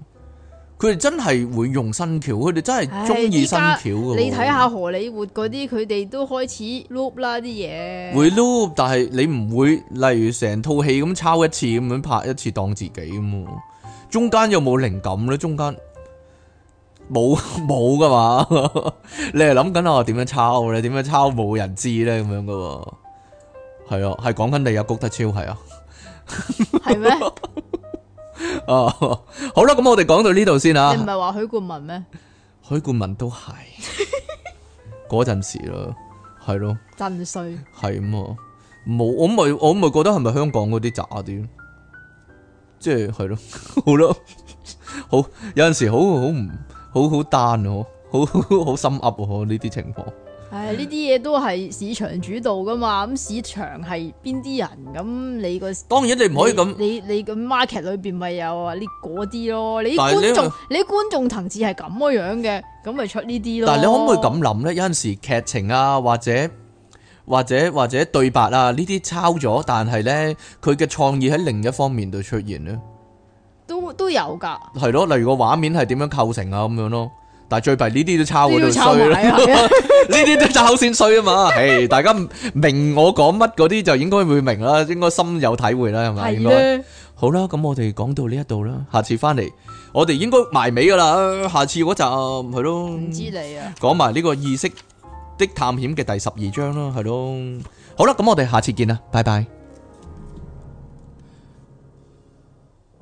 A: 佢哋真係會用新橋，佢哋真係中意新橋嘅，哎。你睇下
B: 荷里活嗰啲，佢哋都開始 loop 啦啲嘢。
A: 會 loop，但係你唔會，例如成套戲咁抄一次咁樣拍一次當自己咁。中間有冇靈感咧？中間冇冇嘅嘛？ 的 你係諗緊我點樣抄咧？點樣抄冇人知咧咁樣嘅喎？係啊，係講緊你又谷德超係啊，係咩？ 嗎 啊，好啦，咁我哋講到呢度先啊。你唔
B: 係話許冠文咩？
A: 許冠文都係嗰陣時咯，係咯。真衰。係咁啊，冇，我咪係我唔覺得係咪香港嗰啲渣啲咯，即係係咯，好咯，好，有陣時好好唔好好 down 啊，好好好心 up 啊，呢啲情況。
B: 係呢啲嘢都係市場主導噶嘛，咁市場係邊啲人咁你個？當然你唔可以咁，你你個 market 裏邊咪有列嗰啲咯，你，你觀眾你，你觀眾層次係咁樣嘅，咁咪出呢啲咯。但係你可唔可以咁
A: 諗咧？有陣時劇情啊，或者或者或者對白啊，呢啲抄咗，但係咧佢嘅創意喺另一方面度出現咧，
B: 都都有噶。
A: 係咯，例如個畫面係點樣構成啊，咁樣咯。但係最弊呢啲都差嗰度衰咯，呢啲都扎口先衰啊嘛！唉，大家明我講乜嗰啲就應該會明啦，應該深有體會啦，係咪？係咧。應該好啦，咁我哋講到呢一度啦，下次翻嚟我哋應該埋尾噶啦，下次嗰集係咯，唔知你啊，講埋呢個意識的探險嘅第十二章啦，係咯。好啦，咁我哋下次見啦，拜拜。